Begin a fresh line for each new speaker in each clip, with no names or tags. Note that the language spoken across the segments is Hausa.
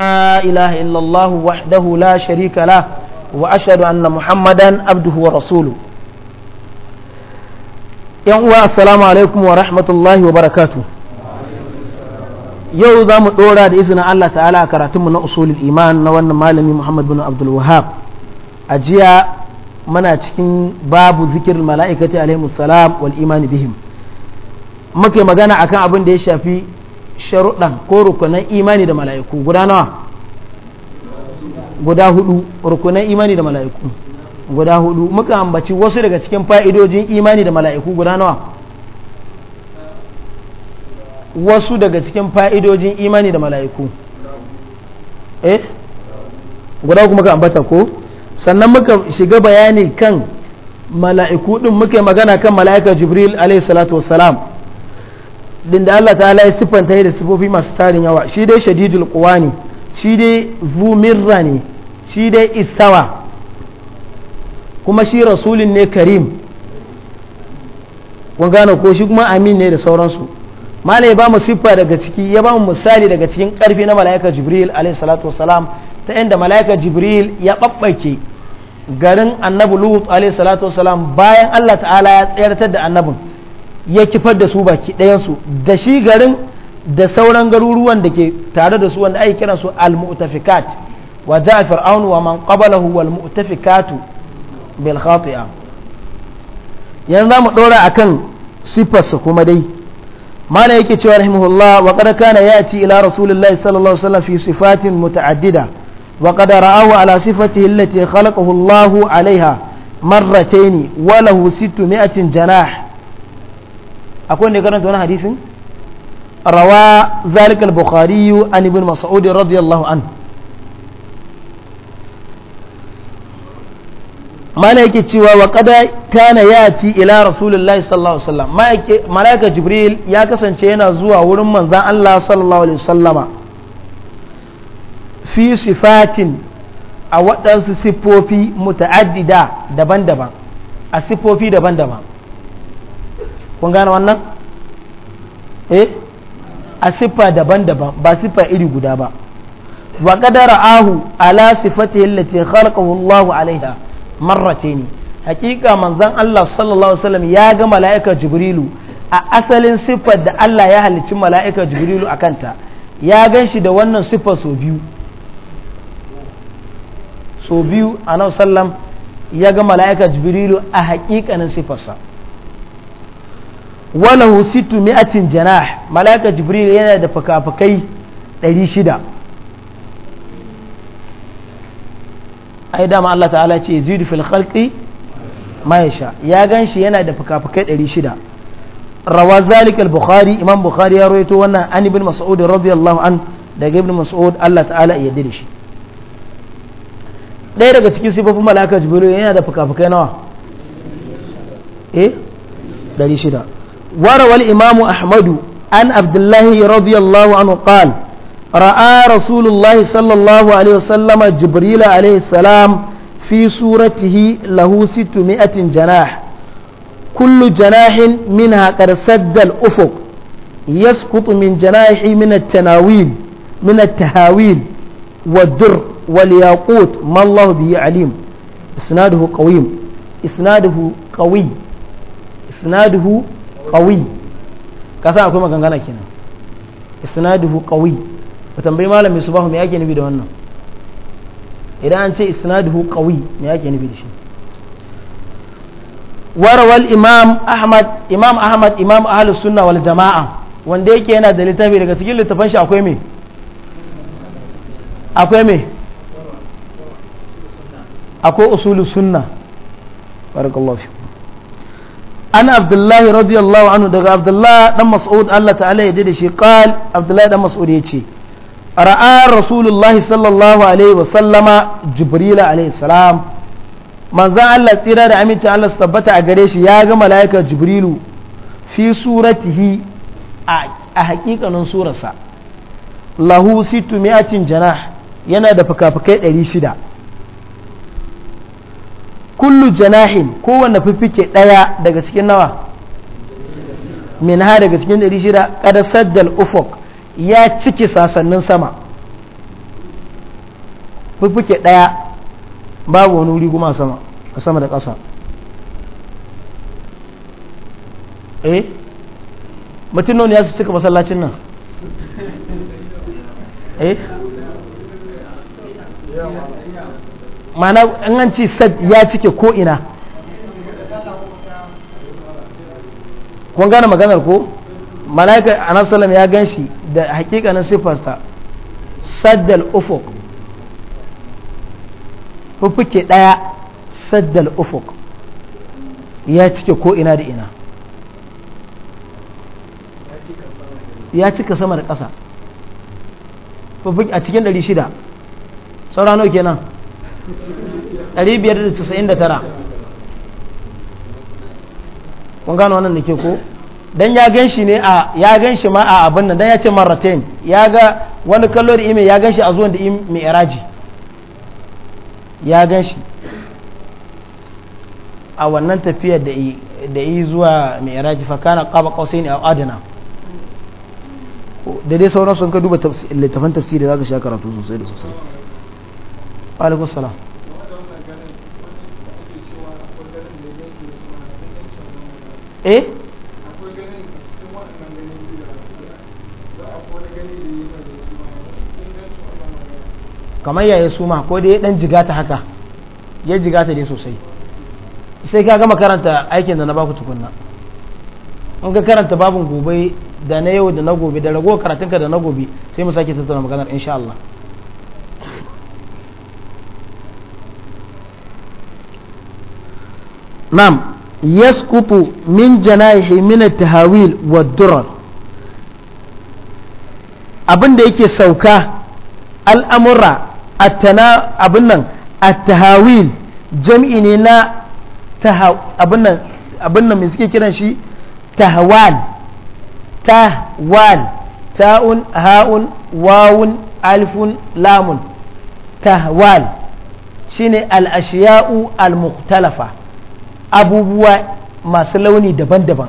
لا إله إلا الله وحده لا شريك له وأشهد أن محمدا عبده ورسوله يوم السلام عليكم ورحمة الله وبركاته yau za mu ɗora da izinin Allah ta'ala a karatunmu na usulul iman na wannan malami Muhammad bin Abdul Wahab a jiya mana cikin babu zikirin mala'ikati alaihi salam wal imani bihim muke magana akan abin da ya shafi sharuɗan ko rukunan imani da mala'iku guda nawa guda hudu rukunan imani da mala'iku guda hudu muka ambaci wasu daga cikin fa'idojin imani da mala'iku guda nawa wasu daga cikin fa'idojin imani da mala'iku eh guda kuma ka ambata ko sannan muka shiga bayani kan mala'iku din muka magana kan mala'ikar jibril alaihi salatu wassalam din da Allah ta'ala ya siffanta da sifofi masu tarin yawa shi dai shadidul ne shi dai vumirra ne shi dai istawa kuma shi rasulun ne karim kun gane ko shi kuma amin ne da sauransu mala ya ba mu siffa daga ciki ya ba mu misali daga cikin karfi na mala'ika jibril alaihi salatu wasalam ta inda mala'ika jibril ya babbake garin annabi lut alaihi salatu wasalam bayan Allah ta'ala ya tsayar da annabin ya kifar da su baki ɗayansu da shi garin da sauran garuruwan da ke tare da su wanda ake kiran su al-mu'tafikat wa ja'a fir'aunu wa man qablahu wal mu'tafikatu bil khati'a yanzu zamu dora akan sifarsa kuma dai mana yake cewa rahimahullah wa qad kana ya'ti ila rasulillahi sallallahu alaihi wasallam fi sifatin muta'addida wa qad ra'ahu ala sifatihi allati khalaqahu Allahu alaiha marratayn wa lahu 600 janah akwai wanda ya karanta wani hadisin rawa zalika al-bukhari an ibn mas'ud radiyallahu an mana yake cewa wa kada kana yati ila rasulullahi sallallahu alaihi wasallam malaika jibril ya kasance yana zuwa wurin manzan Allah sallallahu alaihi wasallama fi sifatin a waɗansu siffofi muta'addida daban-daban a siffofi daban-daban kun gane wannan eh a siffa daban-daban ba siffa iri guda ba wa qadara ahu ala sifati allati khalaqahu Allah alaiha marratayn hakika manzon Allah sallallahu alaihi wasallam ya ga mala'ika jibrilu a asalin siffar da Allah ya halicci mala'ika jibrilu a ya gan shi da wannan siffa so biyu so biyu a sallam ya ga mala'ika jibrilu a hakikanin siffarsa walahu sittu mi'atin janah malaka jibril yana da fakafakai 600 ai dama Allah ta'ala ce zidu fil khalqi ma yasha ya ganshi yana da fakafakai 600 rawa zalika al-bukhari imam bukhari ya rawaito wannan an ibn mas'ud radiyallahu an daga ibn mas'ud Allah ta'ala ya yarda shi ɗaya daga cikin sifofin malaka jibril yana da fakafakai nawa eh 600 وروى الإمام أحمد عن عبد الله رضي الله عنه قال رأى رسول الله صلى الله عليه وسلم جبريل عليه السلام في صورته له ستمائة جناح كل جناح منها قد سد الأفق يسقط من جناحه من التناويل من التهاويل والدر والياقوت ما الله به عليم إسناده قويم إسناده قوي إسناده ƙawi kasan akwai magangana kenan isnaduhu ƙawi ba tambayi malami subahu me yake nufi da wannan idan an ce isnaduhu ƙawi me yake nufi da shi warawal imam ahmad imam ahmad imam ahlus sunna wal jama'a wanda yake yana da littafi daga cikin littafan shi akwai me akwai me akwai usulus sunna barakallahu ana abdullahi radiyallahu anhu daga abdullahi dan mas'ud Allah ta'ala ya da shi qal abdullahi dan mas'ud ya ce ra'a rasulullahi sallallahu alaihi wa sallama jibril alaihi salam manzon Allah tsira da aminci allas tabbata a gare shi ya ga mala'ika jibrilu fi suratihi a hakikanin surarsa lahu situ mi'atin yana da fuka ɗari shida. kullu janahin kowanne fiffike ɗaya daga cikin nawa min ha daga cikin ɗari shida kada saddal ufuk ya cike sasannin sama fiffike ɗaya babu wani wuri kuma sama a sama da ƙasa eh mutum nan ya su cika masallacin nan eh mana in an ce sad ya cike ko ina kun gane maganar ko malaika anasalam ya gan shi da hakikanin siffarsa saddal ufuk fuffuke ɗaya saddal ufuk
ya cike ko ina da ina ya cika
sama da ƙasa a cikin 600 sauranau kenan
599
kun gano wannan da ke ko dan ya gan shi ne a ya gan shi ma a abin nan dan ya ce maratain ya ga wani kallo da ime ya gan shi a zuwan da ime iraji ya gan shi a wannan tafiyar da yi zuwa mai iraji fakana kaba kausai ne a adana da dai sauran sun ka duba littafin tafsiri za ka sha karatu sosai da sosai alaikun salam kamar yaya suma ko dai dan jigata haka ya jigata dai sosai sai ka gama karanta aikin da na baku tukunna in ka karanta babin gobe da na yau da na gobe da ragowar karatunka da na gobe sai mu sake tattauna maganar insha Allah نعم يسقط من جناحه من التهاويل والدرر abin da yake sauka al'amura abin nan a tahawil jam'i ne na abin nan mai suke kiran shi tahawal tahwal ta'un ha'un wawun alifun lamun tahwal shine al'ashiya'u al-muktalafa abubuwa masu launi daban-daban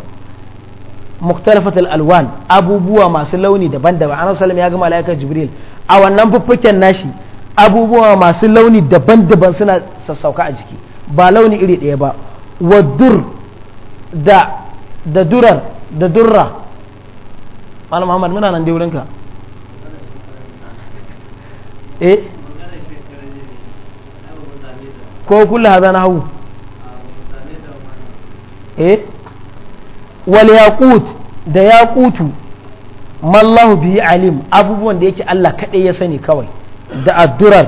muktalafatul alwan abubuwa masu launi daban-daban annabi sallallahu ya gama malaikar jibril a wannan fuffuken nashi abubuwa masu launi daban-daban suna sassauka a jiki ba launi iri ɗaya ba wadur da da durar da durra malam muhammad muna nan dai wurinka eh ko kullu hadana eh wal yaqut da yaqutu mallahu bi alim abubuwan da yake Allah kaɗai ya sani kawai da addurar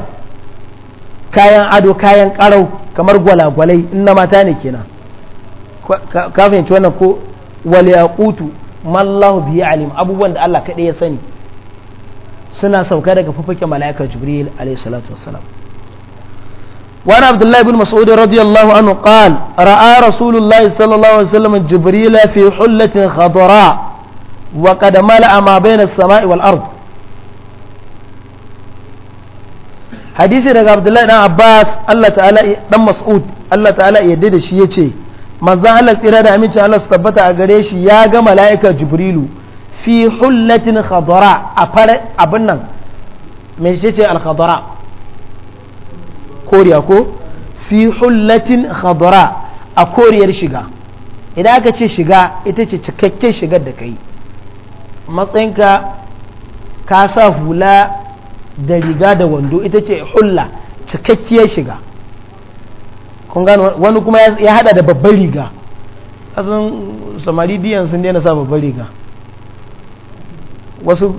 kayan ado kayan karau kamar gwalagwalai na mata ne kenan ka fahimci wannan ko wal yaqutu mallahu bi alim abubuwan da Allah kaɗai ya sani suna sauka daga fufuke mala'ika jibril alayhi salatu wassalam وعن عبد الله بن مسعود رضي الله عنه قال رأى رسول الله صلى الله عليه وسلم جبريل في حلة خضراء وقد ملأ ما بين السماء والأرض hadisi daga abdullahi dan mas'ud allah ta'ala yadda da shi ce manzon allah tsira da aminci allah su tabbata a gare shi ya ga mala'ika jibrilu fi hullatin khadara a fara nan me ce koriya ko fi hullatin khadra a koriyar shiga idan aka ce shiga ita ce cikakken shigar da kai yi matsayinka ka sa hula da riga da wando ita ce hulla cikakkiyar shiga wani kuma ya hada da babbar riga asan samari biyan sun daina sa babbar riga wasu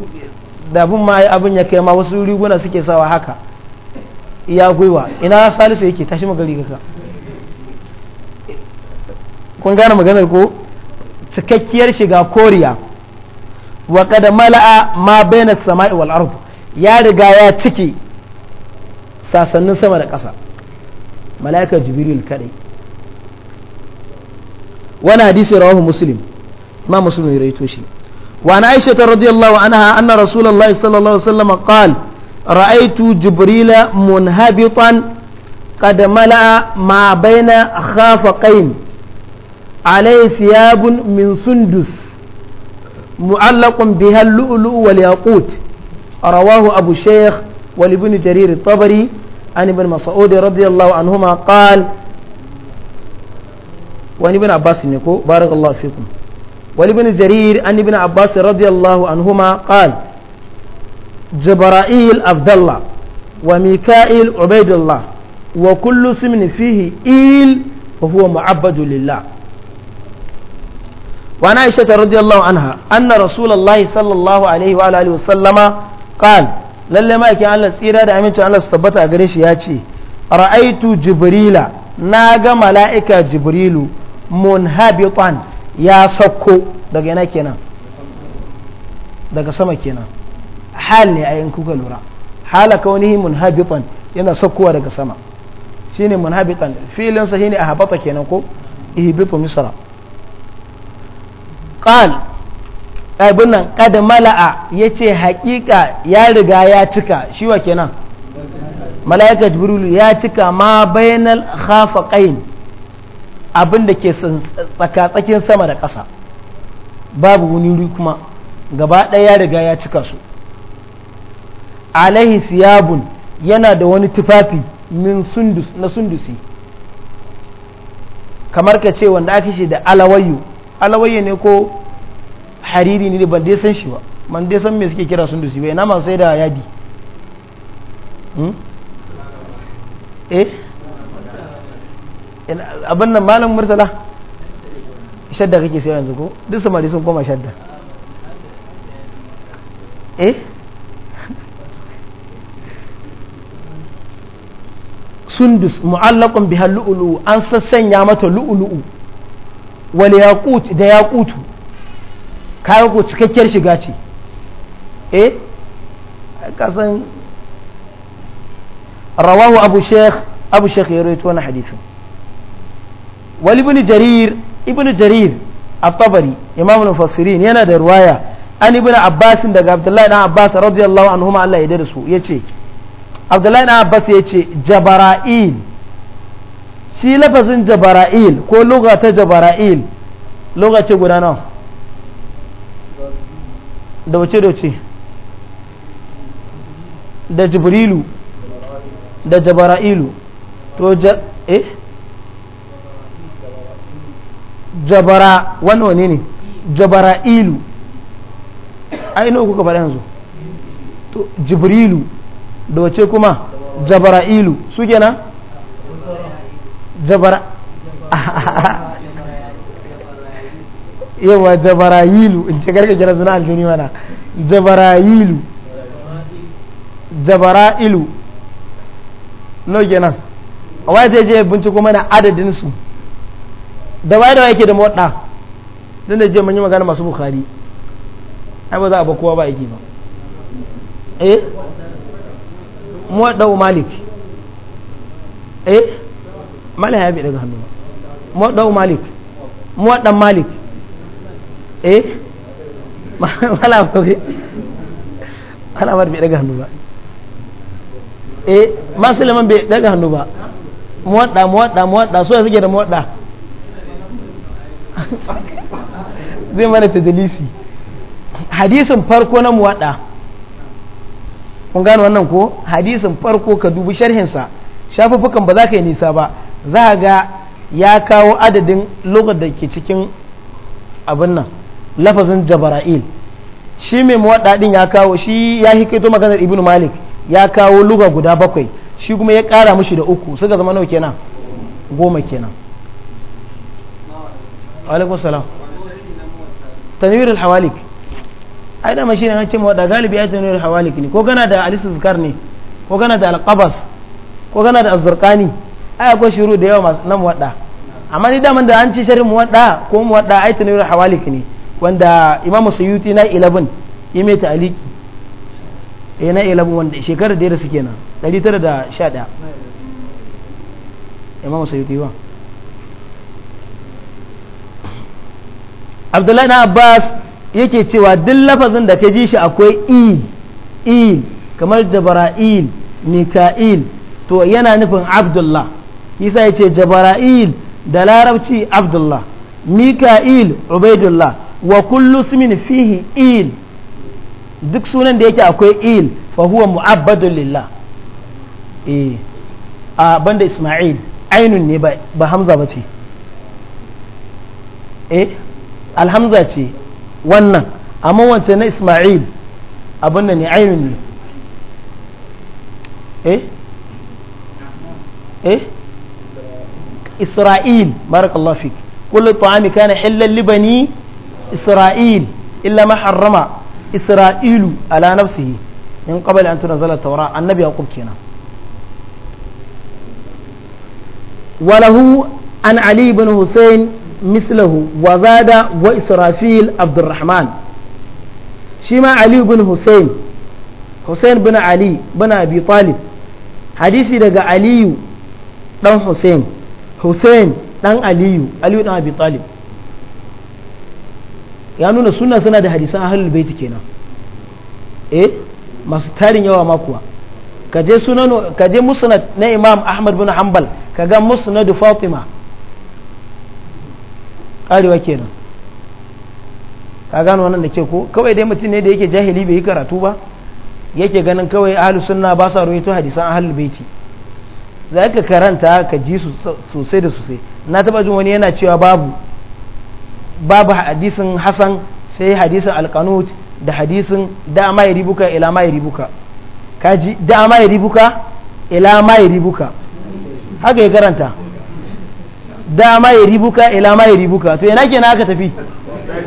dabin ma abin ya kai ma wasu riguna suke sawa haka iya gwiwa ina salisu yake tashi magari kaka kun gane maganar ko cikakkiyar shiga koriya wa kada mala'a ma bayna sama'i wal ardu ya riga ya cike sasannin sama da ƙasa mala'ikar jibril kadai wani hadisi rawahu muslim ma muslim ya rawaito shi wa ana aisha radiyallahu anha anna rasulullahi sallallahu alaihi wasallam qala رأيت جبريل منهبطا قد ملأ ما بين خافقين عليه ثياب من سندس معلق بها اللؤلؤ والياقوت رواه أبو الشيخ ولابن جرير الطبري عن ابن مسعود رضي الله عنهما قال وعن ابن عباس بارك الله فيكم ولابن جرير عن ابن عباس رضي الله عنهما قال jibra'il abdullah wa mika'il ubaidullah wa kullu ismin fihi il wa huwa mu'abbadu lillah وعن عائشة رضي الله عنها أن رسول الله صلى الله عليه وعلى آله وسلم قال للي ما يكي الله سيرا دا أمينتو الله ستبتا أغريش ياتي رأيت جبريل ناغا ملائكة جبريل منهبطا يا سكو دقينا كينا دقى سما كينا hal ne a in kuka lura hala kaunihi munhabitan yana sakkowa daga sama shine munhabitan filin sa shine ahbata kenan ko ihbitu misra qal abin nan kad mala'a yace hakika ya riga ya cika shi wa kenan mala'ika jibril ya cika ma bainal khafaqain abin da ke tsakatsakin sama da ƙasa babu wani kuma gaba ɗaya ya riga ya cika su alaihi siyabun yana da wani tufafi min sundus na sundusi kamar ka ce wanda aka shi da alawayu alawayu ne ko hariri ne ban dai san shi ba ban dai san me suke kira sundusi bai ina masu sai da yadi hmm? eh abin nan malam murtala shadda kake sai yanzu ko duk samari sun koma shadda eh sundus mu'allaqun biha lu'lu an sassanya mata lu'lu wal yaqut da yaqutu kai ko cikakkiyar shiga ce eh kasan rawahu abu sheikh abu sheikh ya rawaito wannan wal ibn jarir ibn jarir at-tabari imam al-mufassirin yana da riwaya an ibn abbas daga abdullahi dan abbas radiyallahu anhu ma Allah ya yarda da su yace abdullahi na abbas ya ce jabara'il shi lafazin jabara'il ko luga ta jabara'il luga ce guda nawa da wace da wace da jibrilu da jabara'ilu to ja eh jabara wani wani ne jabara'ilu ainihin kuka faɗa yanzu to jibrilu da wace kuma jabara'ilu su kenan jabara yawa jabara'ilu in ce garka gina suna aljuni mana jabara'ilu jabara'ilu no kenan a waya zai je binciko mana adadin su da waya da waya ke da mota don da je manyan magana masu bukari ai ba za a ba kowa ba aiki ba eh muwaɗau malik eh mala ya daga hannu malik malik eh, eh? bai daga hannu ba eh masu liman bai daga hannu ba muwaɗa muwaɗa muwaɗa so ya suke da muwaɗa zai mana ta dalisi hadisin farko na muwaɗa kun gano wannan ko hadisin farko ka dubi sharhinsa shafuffukan ba za ka yi nisa ba za ga ya kawo adadin lokacin da ke cikin abin nan lafazin jabara'il shi mai mawaɗaɗin ya kawo shi ya hikaito maganar ibnu malik ya kawo luga guda bakwai shi kuma ya kara mushi da uku suka zama nawa kenan goma kenan alaikum salam tanwirul hawalik ai dama shine an ce mu da galibi ayatu nur hawalik ne ko kana da alisu zikar ne ko kana da alqabas ko kana da az ai akwai shuru da yawa masu na wada amma ni dama da an ci sharri wada ko mu wada ayatu nur hawalik ne wanda imamu suyuti na 11 ya ta aliki eh na 11 wanda shekarar da ya nan 911 imamu suyuti wa Abdullahi na Abbas yake cewa duk lafazin da ka ji shi akwai il il kamar jabara'il mika'il to yana nufin abdullah kisa ya ce jabara'il da larabci abdullah mika'il ubaidullah wa kullu sumin fihi il duk sunan da yake akwai il fahuwa mu'abbadun lillah eh, a banda isma'il ainun ne ba hamza ba ce eh alhamza ce wannan amma wance na ismail abin da ne ainihin ne eh eh isra'il barakallahu fik kullu ta'ami kana hillan li bani isra'il illa ma harrama isra'ilu ala nafsihi min qabl an tunzala tawra annabi yaqub kenan وله an ali ibn husayn mislahu wa zada wa israfil abdurrahman shi ma ali bin hussein hussein bin ali bin abi talib hadisi daga aliyu dan hussein hussein dan aliyu aliyu dan abi talib ya suna suna da hadisan ahlul kenan eh masu tarin yawa makuwa kaje sunan kaje musnad na imam ahmad bin hanbal kaga musnad fatima karewa kenan ka gano wannan da ke ko kawai dai mutum ne da yake jahili bai yi karatu ba yake ganin kawai ahlus sunna ba sa rawaito hadisan ahlul baiti za ka karanta ka ji sosai da sosai na taba jin wani yana cewa babu babu hadisin hasan sai hadisin alkanut da hadisin dama ya ribuka ila ma ya ribuka ji dama ya ribuka ila ma ya ribuka haka ya karanta da ma ya ribuka ila ma ya ribuka to ina kenan aka tafi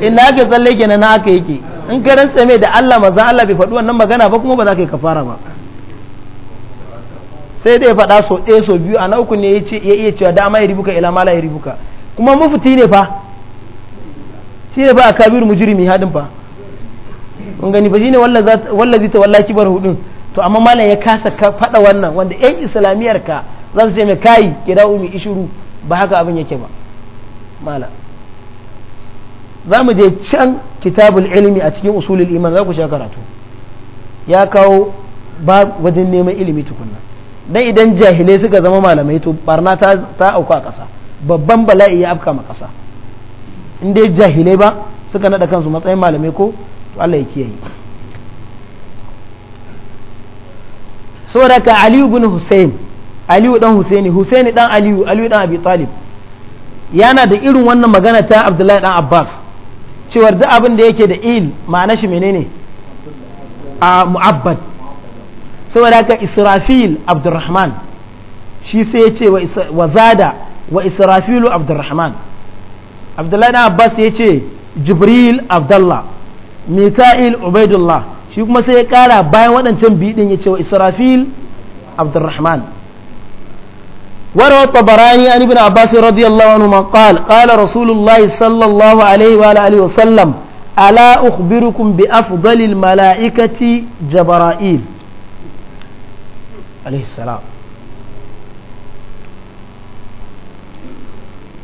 ina aka tsalle kenan na aka yake in ka rantsa mai da Allah maza Allah bai faɗi wannan magana ba kuma ba za ka yi kafara ba sai dai faɗa so ɗaya so biyu a na uku ne ya iya cewa da ma ya ribuka ila ma la ya ribuka kuma mufti ne fa shi ne fa a kabir mujirimi hadin fa kun gani shi shine wallazi ta wallaki bar hudun to amma malam ya kasa faɗa wannan wanda yan islamiyar ka za su ce mai kai kira umi ishuru ba haka abin yake ba mala za mu je can kitabul ilimi a cikin usulul iman za ku sha karatu ya kawo ba wajen neman ilimi tukunna dan idan jahilai suka zama malamai to barna ta auku a ƙasa babban bala'i ya afka ma ƙasa in dai jahilai ba suka naɗa kansu matsayin malamai ko to Allah ya kiyaye saboda ka Ali ibn Hussein aliyu dan husaini husaini dan aliyu aliyu dan abi talib yana da irin wannan magana ta abdullahi dan abbas cewar duk abin da yake da il ma'ana shi menene a mu'abbad saboda haka israfil abdurrahman shi sai ya ce wa zada wa israfilu abdurrahman abdullahi dan abbas ya ce jibril abdullah mika'il ubaidullah shi kuma sai ya kara bayan waɗancan biɗin ya ce wa israfil abdurrahman وروى الطبراني عن ابن عباس رضي الله عنهما قال قال رسول الله صلى الله عليه وآله وسلم ألا أخبركم بأفضل الملائكة جبرائيل عليه السلام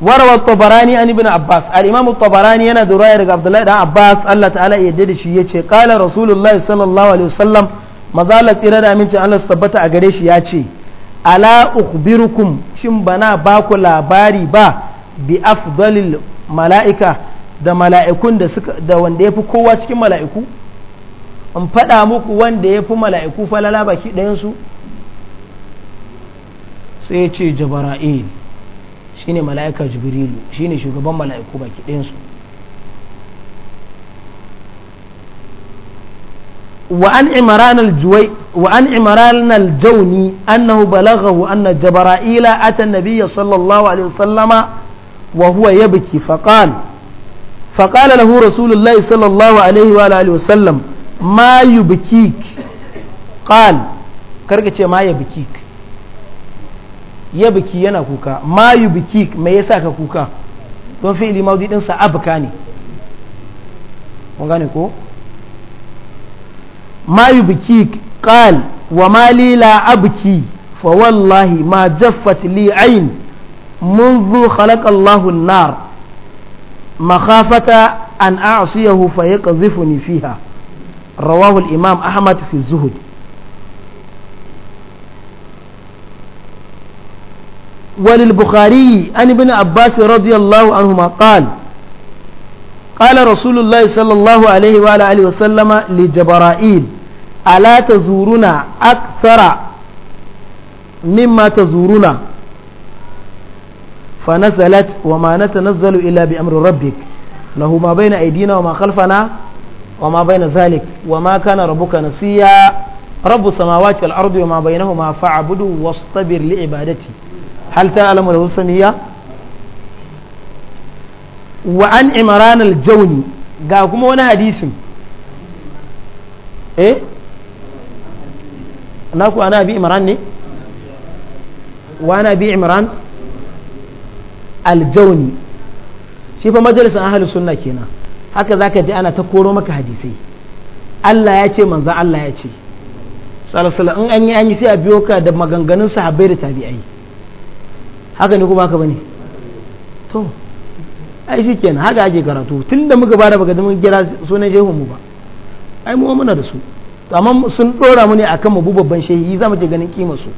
وروى الطبراني عن ابن عباس الإمام الطبراني أنا دراية عبد الله بن عباس الله تعالى يدد شيء قال رسول الله صلى الله عليه وسلم مظالة إرادة من الله استبتع قريش ياتي ala ukhbirukum shin bana ba ku labari ba bi afdalil mala'ika da mala'ikun da suka da wanda yafi kowa cikin mala'iku in faɗa muku wanda yafi mala'iku falala baki ɗayan su sai ya ce jabara'il shine mala'ika jibrilu shine shugaban mala'iku baki ɗayan su وعن عمران الجوي وعن عمران الجوني أنه بلغه أن جبرائيل أتى النبي صلى الله عليه وسلم وهو يبكي فقال فقال له رسول الله صلى الله عليه وآله وسلم ما يبكيك قال كركة ما يبكيك يبكي yana kuka ma yubikik me yasa ka kuka don fi'ili maudi din sa abka ne kun gane ko ما يبكيك قال وما لي لا أبكي فوالله ما جفت لي عين منذ خلق الله النار مخافة أن أعصيه فيقذفني فيها رواه الإمام أحمد في الزهد وللبخاري عن ابن عباس رضي الله عنهما قال قال رسول الله صلى الله عليه وعلى آله وسلم لجبرائيل ألا تزورنا أكثر مما تزورنا فنزلت وما نتنزل إلا بأمر ربك له ما بين أيدينا وما خلفنا وما بين ذلك وما كان ربك نسيا رب السماوات والأرض وما بينهما فاعبده واصطبر لعبادتي هل تعلم له سميا wa an imran al-jawni ga kuma wani hadisin eh ku ana bi imran ne wa ana bi imran al-jawni shi fa majalisin ahlus sunna kenan haka zaka ji ana ta koro maka hadisai Allah ya ce manzo Allah ya ce salasala in an yi an yi sai a biyo ka da maganganun sahabbai da tabi'ai haka ne kuma haka bane to ai shi kenan haka ake karatu tun da muka bada baka mun gira sunan shehun mu ba ai mu muna da su amma sun dora mu ne akan mu bu babban shehi za mu je ganin kima su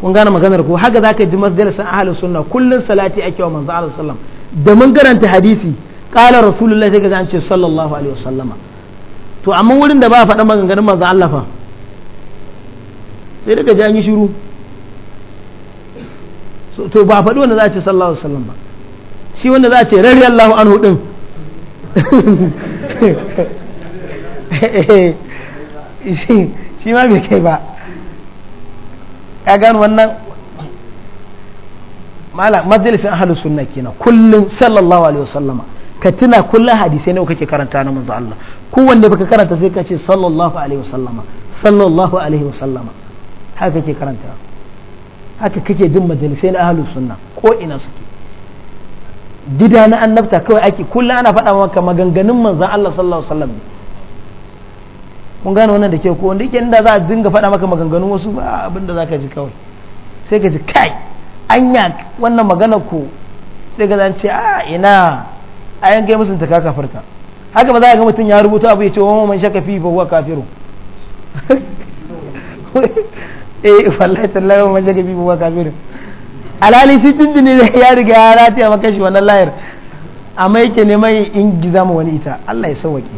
kun gane maganar ko haka ka ji masdalisan ahli sunna kullun salati ake wa manzo Allah sallam da mun garanta hadisi qala rasulullahi sai ga an ce sallallahu alaihi wasallama to amma wurin da ba a faɗa maganganun manzo Allah fa sai daga ji an yi shiru to ba faɗi wanda za a ce sallallahu alaihi wasallam ba shi wanda za a ce rari Allah an hudun shi ma bai kai ba ya gano wannan majalisin ahalus sunna kenan kullum sallallahu alaihi wasallama ka tuna kullum hadisai ne kake karanta na manzo Allah kowanne baka karanta sai ka ce sallallahu alaihi wasallama sallallahu alaihi wasallama haka kake karanta haka kake jin majalisai na ahalus sunna ko ina suke gida na annabta kawai ake kullum ana faɗa maka maganganun manzan Allah sallallahu alaihi wasallam kun gane wannan da ke ko wanda yake inda za a dinga faɗa maka maganganun wasu ba abinda za ka ji kawai sai ka ji kai anya wannan magana ko sai ka zance a ina a yanke musu ta kaka farka haka ba za a ga mutum ya rubuta abu ya ce wa man shaka fi fa huwa kafiru eh wallahi tallahi man shaka fi fa huwa kafiru alhali shi tuntuni da ya riga ya rati a makashi wannan layar amma yake neman in giza mu wani ita Allah ya sauwake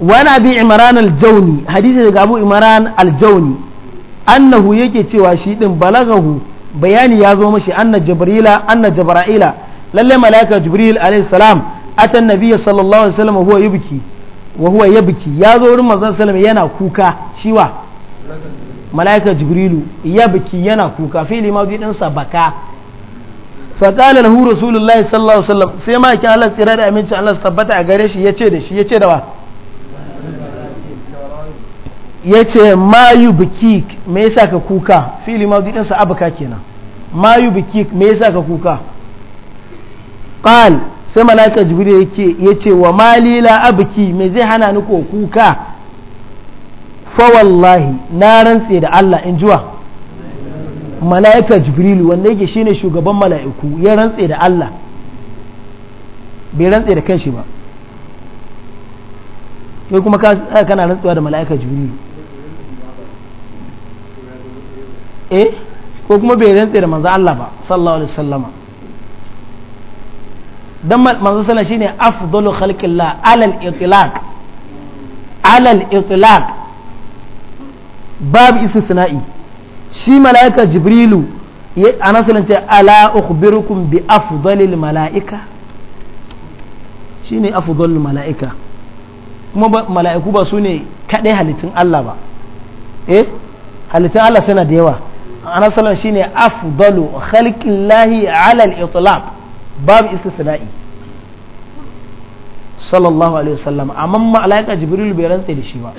wani abi imran al-jawni hadisi daga abu imran al-jawni annahu yake cewa shi din balagahu bayani ya zo mashi anna jibrila anna jibra'ila lalle malaika jibril alayhi salam atan nabiyyi sallallahu alaihi wasallam huwa yubki wa huwa yabki ya zo wurin manzon salama yana kuka shiwa mala'ika jibrilu ya biki yana kuka fili ma din sa baka fa qala lahu rasulullahi sallallahu alaihi wasallam sai ma kin Allah tsira da aminci Allah su tabbata a gare shi yace da shi yace da wa yace ma yubkik me yasa ka kuka fili ma din sa abaka kenan ma yubkik me yasa ka kuka qal sai mala'ika jibrilu yake yace wa malila abki me zai hana ni ko kuka fa wallahi na rantse da Allah in jiwa mala'ika jibrilu wanda yake shine shugaban mala'iku ya rantse da Allah bai rantse da kanshi ba kai kuma kana rantsuwa da mala'ika jibrilu eh ko kuma bai rantse da manzo Allah ba sallallahu alaihi wasallama dan manzo sallallahu shine afdalu khalqillah alal itlaq alal itlaq babu sana'i shi mala'ika jibrilu a nasarar ce ala ukhbirukum bi afdalil mala'ika shine afdalil mala'ika kuma mala'iku ba su ne kadai halittun Allah ba eh halittun Allah suna da yawa a nasarar shine afdalu khalqillahi ala al-itlaq babu sana'i sallallahu alaihi wasallam amma mala'ika jibrilu bai rantsa da shi ba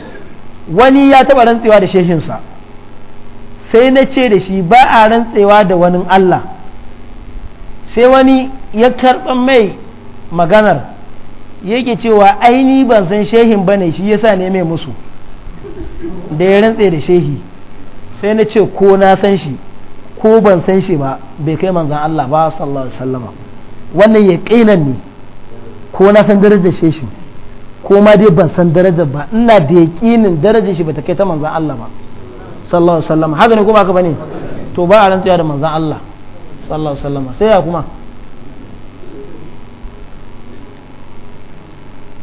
wani ya taɓa rantsewa da shehinsa sai na ce da shi ba a rantsewa da wani Allah sai wani ya karɓa mai maganar yake cewa aini ban san shehin bane shi yasa ne mai musu da ya rantse da shehi sai na ce ko na san shi ko ban san shi ba bai kai manzan Allah ba sallallahu alaihi wannan ya ne ko na san darajar shehin ko ma dai ban san daraja ba ina da yaqinin darajar shi bata kai ta manzon Allah ba sallallahu alaihi wasallam haka ne ko ba ka bane to ba a rantsuwa da manzon Allah sallallahu alaihi wasallam sai ya kuma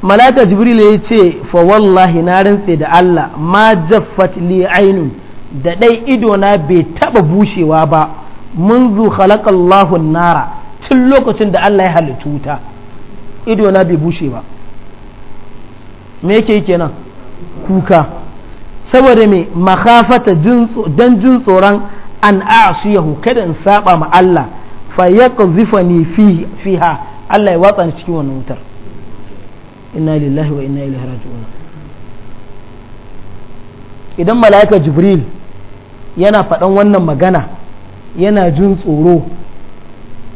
malaka jibril ya ce fa wallahi na rantse da Allah ma jaffat li ainun da dai ido na bai taba bushewa ba منذ خلق الله nara tun lokacin da Allah ya halittu wuta ido na bai bushe ba me yake yi kenan kuka saboda me makafata don jin tsoron an a'siyahu kada in saba ma Allah fa ni fihi fiha Allah ya watsa ni cikin wannan wutar inna lillahi wa inna ilaihi raji'un idan mala'ika jibril yana faɗan wannan magana yana jin tsoro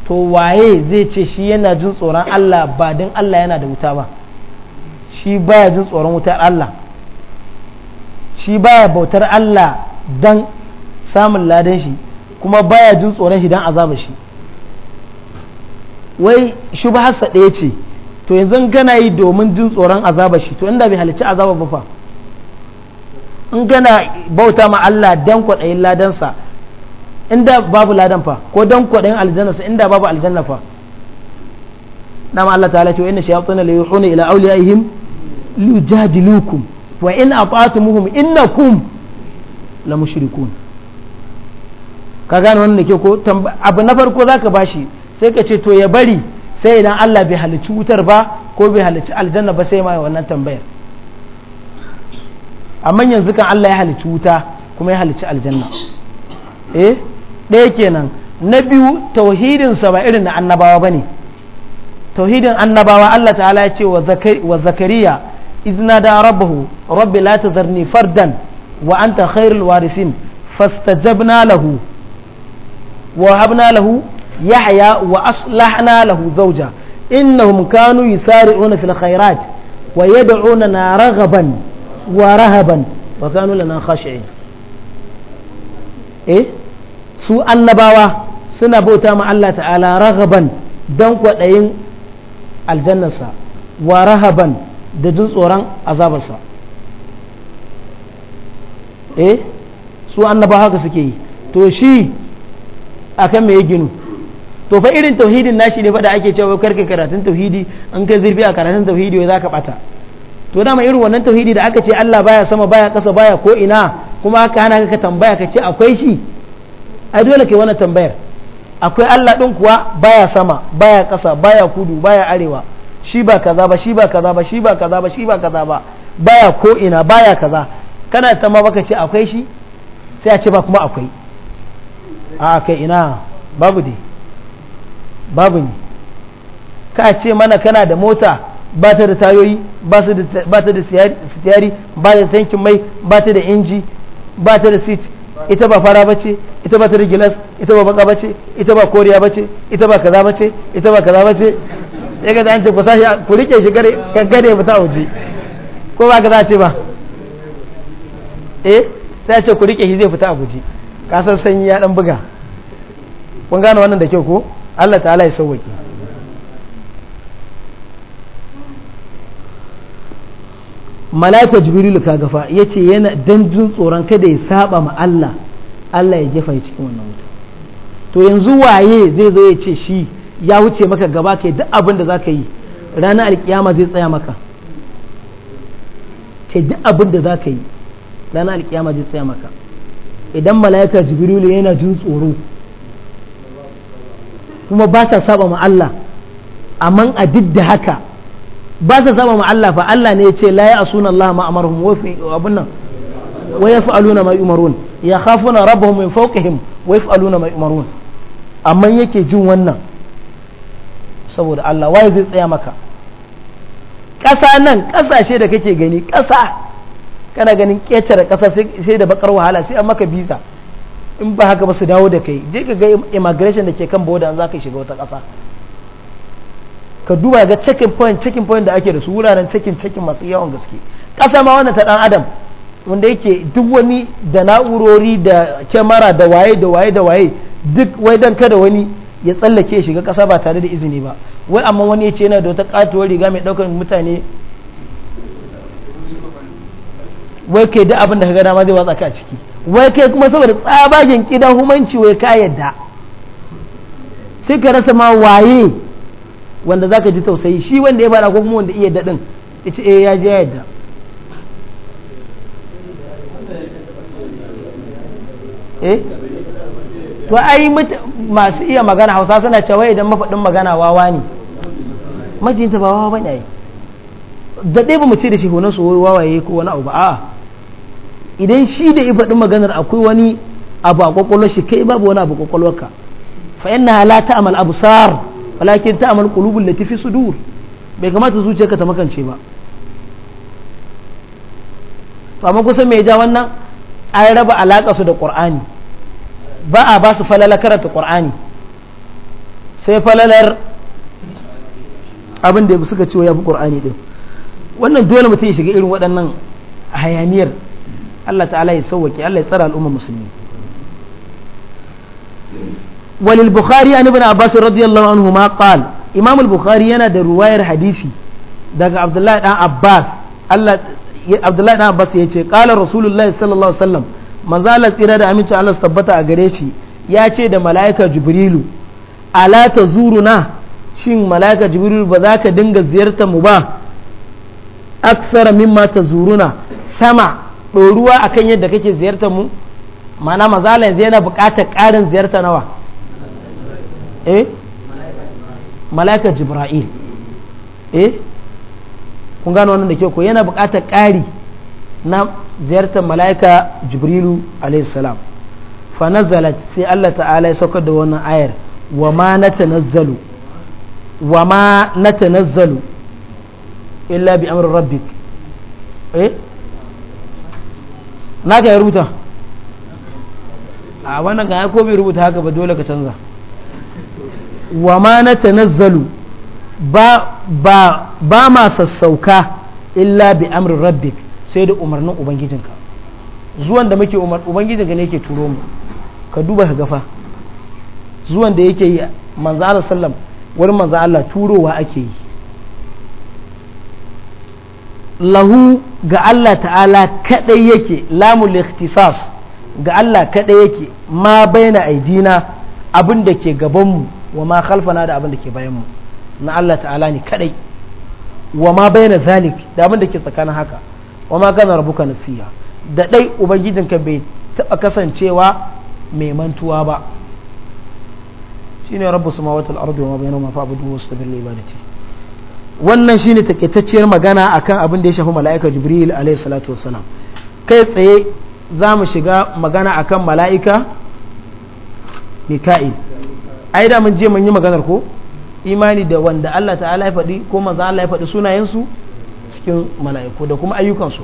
to waye zai ce shi yana jin tsoron Allah ba don Allah yana da wuta ba shi baya jin tsoron wutar Allah shi baya bautar Allah don samun ladan shi kuma baya jin tsoron shi don azaba shi wai shi ba hasa ɗaya ce to yanzu gana yi domin jin tsoron azaba shi to inda bai halicci azaba ba fa in gana bauta ma Allah dan kwaɗayin ladansa inda babu ladan fa ko dan kwaɗayin aljannarsa inda babu aljanna fa dama Allah ta'ala ce wa inna shayatin la yuhuna ila lujadilukum wa in ata'tumuhum innakum la mushrikun ka gane wannan ke ko abu na farko zaka bashi sai ka ce to ya bari sai idan Allah bai halicci wutar ba ko bai halicci aljanna ba sai ma wannan tambayar amma yanzu kan Allah ya halicci wuta kuma ya halicci aljanna eh ɗaya kenan na biyu tauhidinsa ba irin na annabawa ba ne tauhidin annabawa Allah ta'ala ya ce wa zakariya iznada rabahu rabbi la tazarni fardan wa anta khairul warisin fastajabna lahu wa habna lahu yahya wa aslahna lahu zawja innahum kanu yusari'una fil khairat wa yad'una su annabawa suna bauta ma Allah ta'ala raghaban dan kwadayin aljannasa wa da jin tsoron azabarsa eh su annaba haka suke yi to shi akan me ya ginu to fa irin tauhidin nashi ne fa da ake cewa karka karatun tauhidi an kai zirbi a karatun tauhidi wai zaka bata to dama irin wannan tauhidi da aka ce Allah baya sama baya kasa baya ko ina kuma aka hana ka tambaya ka ce akwai shi ai dole kai wannan tambayar akwai Allah din kuwa baya sama baya kasa baya kudu baya arewa shi ba kaza ba shi ba kaza ba shi ba kaza ba shi ba kaza ba baya ko ina baya kaza kana ta ma baka ce akwai shi sai a ce ba kuma akwai a kai ina babu ne babu ne ka ce mana kana da mota ba ta da tayoyi ba ta da sitiyari ba ta da tankin mai ba ta da inji ba ta da sit ita ba fara bace ita ba ta da gilas ita ba baka bace ita ba koriya bace ita ba kaza bace ita ba kaza bace ya ga zance ku sashi ku rike shi gaggare fita waje ko ba ka za ce ba eh sai ce ku rike shi zai fita a guji san sanyi ya dan buga kun gane wannan da kyau ko Allah ta'ala ya sauwaki malaka jibril ka gafa yace yana dan jin tsoron kada ya saba ma Allah Allah ya jefa cikin wannan wuta to yanzu waye zai zo ya ce shi ya wuce maka gaba kai duk abin da za ka yi ranar alkiyama zai tsaya maka kai duk abin da za ka yi ranar alkiyama zai tsaya maka idan mala'ika jibrilu yana jin tsoro kuma ba sa saba ma Allah amma a duk da haka ba sa saba ma Allah fa Allah ne ya ce la ya'suna Allah ma amarhum wa fi abun nan wa yaf'aluna ma yumarun yakhafuna rabbahum min fawqihim wa yaf'aluna ma yumarun amma yake jin wannan saboda Allah waye zai tsaya maka ƙasa nan ƙasashe da kake gani ƙasa kana ganin ƙetare ƙasa sai da bakar wahala sai an maka visa in ba haka ba su dawo da kai je ka ga immigration da ke kan boda an za shiga wata ƙasa ka duba ga checking point checking point da ake da su wuraren checking checking masu yawan gaske ƙasa ma wannan ta dan adam wanda yake duk wani da na'urori da kyamara da waye da waye da waye duk wai dan kada wani ya tsallake shiga kasa ba tare da izini ba wai amma wani ya ce yana da wata katuwar riga mai ɗaukar mutane wai kai da abin da ka gada ma zai watsa ka a ciki wai kai kuma saboda tsabagen kida humanci wai ka yadda sai ka rasa ma waye wanda zaka ji tausayi shi wanda ya bada ko kuma wanda iya daɗin ya ce eh ya je yadda
eh to ai
masu iya magana hausa suna cewa idan mafaɗin magana wawa ne majinta ba wawa bane ai da ɗaya ba mu ce da shi honan su wawaye ko wani abu ba a'a idan shi da ifaɗin maganar akwai wani abu a kwakwalwar shi kai babu wani abu kwakwalwarka fa inna la ta'mal absar walakin ta'mal qulubul lati fi sudur bai kamata zuciyarka ta makance ba to amma kusa me ja wannan an raba alaka su da qur'ani ba a ba su falala karanta qur'ani sai falalar abin da suka ce ya fi qur'ani din wannan dole mutum ya shiga irin waɗannan hayaniyar Allah ta'ala ya sauwake Allah ya tsara al'umma musulmi walil bukhari an ibn abbas radiyallahu anhu ma qala imam al-bukhari yana da ruwayar hadisi daga abdullahi dan abbas Allah abdullahi dan abbas yace qala rasulullahi sallallahu alaihi wasallam manzala tsira da aminci Allah su tabbata a gare shi ya ce da mala'ika jibrilu ala ta na shin mala'ika jibrilu ba za ka dinga ziyarta mu ba aksara mimma ta na sama ɗoruwa akan yadda kake ziyarta mu mana manzala yanzu yana buƙatar ƙarin ziyarta nawa eh mala'ika jibra'il eh kun gano wannan da ke ko yana buƙatar ƙari na ziyartar mala'ika jibrilu alaihissalam fa nazalat sai Allah ta'ala ya saukar da wannan ayar wa ma natanazzalu wa ma natanazzalu illa bi amri rabbik eh na ka rubuta a wannan ga ko bai rubuta haka ba dole ka canza wa ma natanazzalu ba ba ba ma sassauka illa bi amri rabbik sai da umarnin ubangijinka zuwan da muke umar ubangijinka ne yake turo mu ka duba ka gafa zuwan da yake yi manzo Allah sallam wani manzo Allah turowa ake yi lahu ga Allah ta'ala kadai yake lamul ikhtisas ga Allah kadai yake ma baina aidina abin da ke gabanmu wa ma khalfana da abin da ke bayanmu na Allah ta'ala ne kadai wa ma baina zalik da abin da ke tsakanin haka wa ma kana rabuka nasiya da dai ubangijinka bai taba kasancewa mai mantuwa ba shine rabbu samawati wal ardi wa ma bainahuma fa'budu wastabir li ibadati wannan shine takaitacciyar magana akan abin da ya shafi mala'ika jibril alayhi salatu wassalam kai tsaye za mu shiga magana akan mala'ika mika'il ai da mun je mun yi maganar ko imani da wanda Allah ta'ala ya faɗi ko manzo Allah ya faɗi su. cikin mala'iku da kuma ayyukansu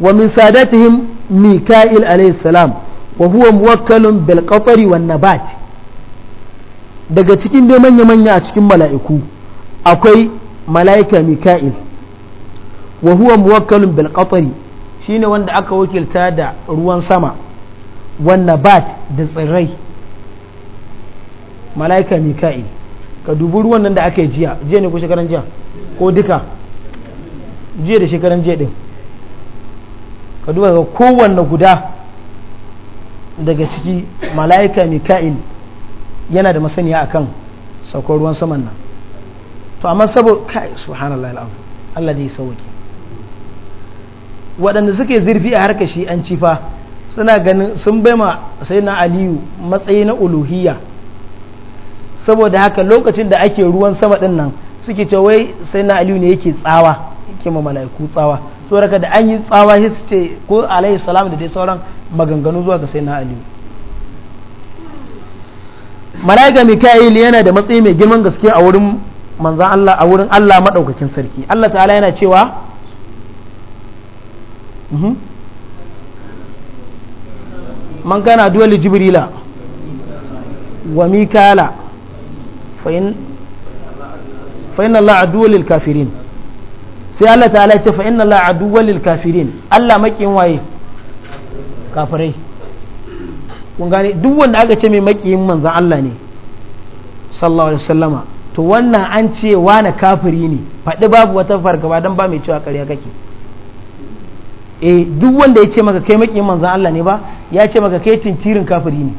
wa min sadatihim mika'il alayhi salam wa huwa muwakkalun bil qatari nabat daga cikin dai manya manya a cikin mala'iku akwai mala'ika mika'il wa huwa muwakkalun bil qatari shine wanda aka wakilta da ruwan sama wan nabat da tsirrai mala'ika mika'il ka dubi ruwan nan da aka yi jiya jiya ne ko shekaran jiya ko duka jiya da shekaran jiya din ka duba ga kowanne guda daga ciki mala'ika mika'il yana da masaniya akan saukar ruwan saman nan to amma saboda kai subhanallahi al'am Allah da ya sauke waɗanda suke zirfi a harkar shi an cifa suna ganin sun bai ma sai na aliyu matsayi na uluhiyya saboda haka lokacin da ake ruwan sama ɗin nan suke cewa wai sai na aliyu ne yake tsawa kima ma mala'iku tsawa so daga da an yi tsawa shi su ce ko alayhi salam da dai sauran maganganu zuwa ga sai na aliyu mala'ika mika'il yana da matsayi mai girman gaske a wurin manzan Allah a wurin Allah madaukakin sarki Allah ta'ala yana cewa mhm. man kana duwali jibrila wa mikala fa inna Allah aduwalil kafirin sai Allah ta'ala ya ce fa inna Allah aduwwal lil kafirin Allah makin waye kafirai kun gane duk wanda aka ce mai makiyin manzon Allah ne sallallahu alaihi wasallama to wannan an ce wani kafiri ne faɗi babu wata fargaba don ba mai cewa ƙarya kake eh duk wanda ya ce maka kai makiyin manzon Allah ne ba ya ce maka kai tintirin kafiri ne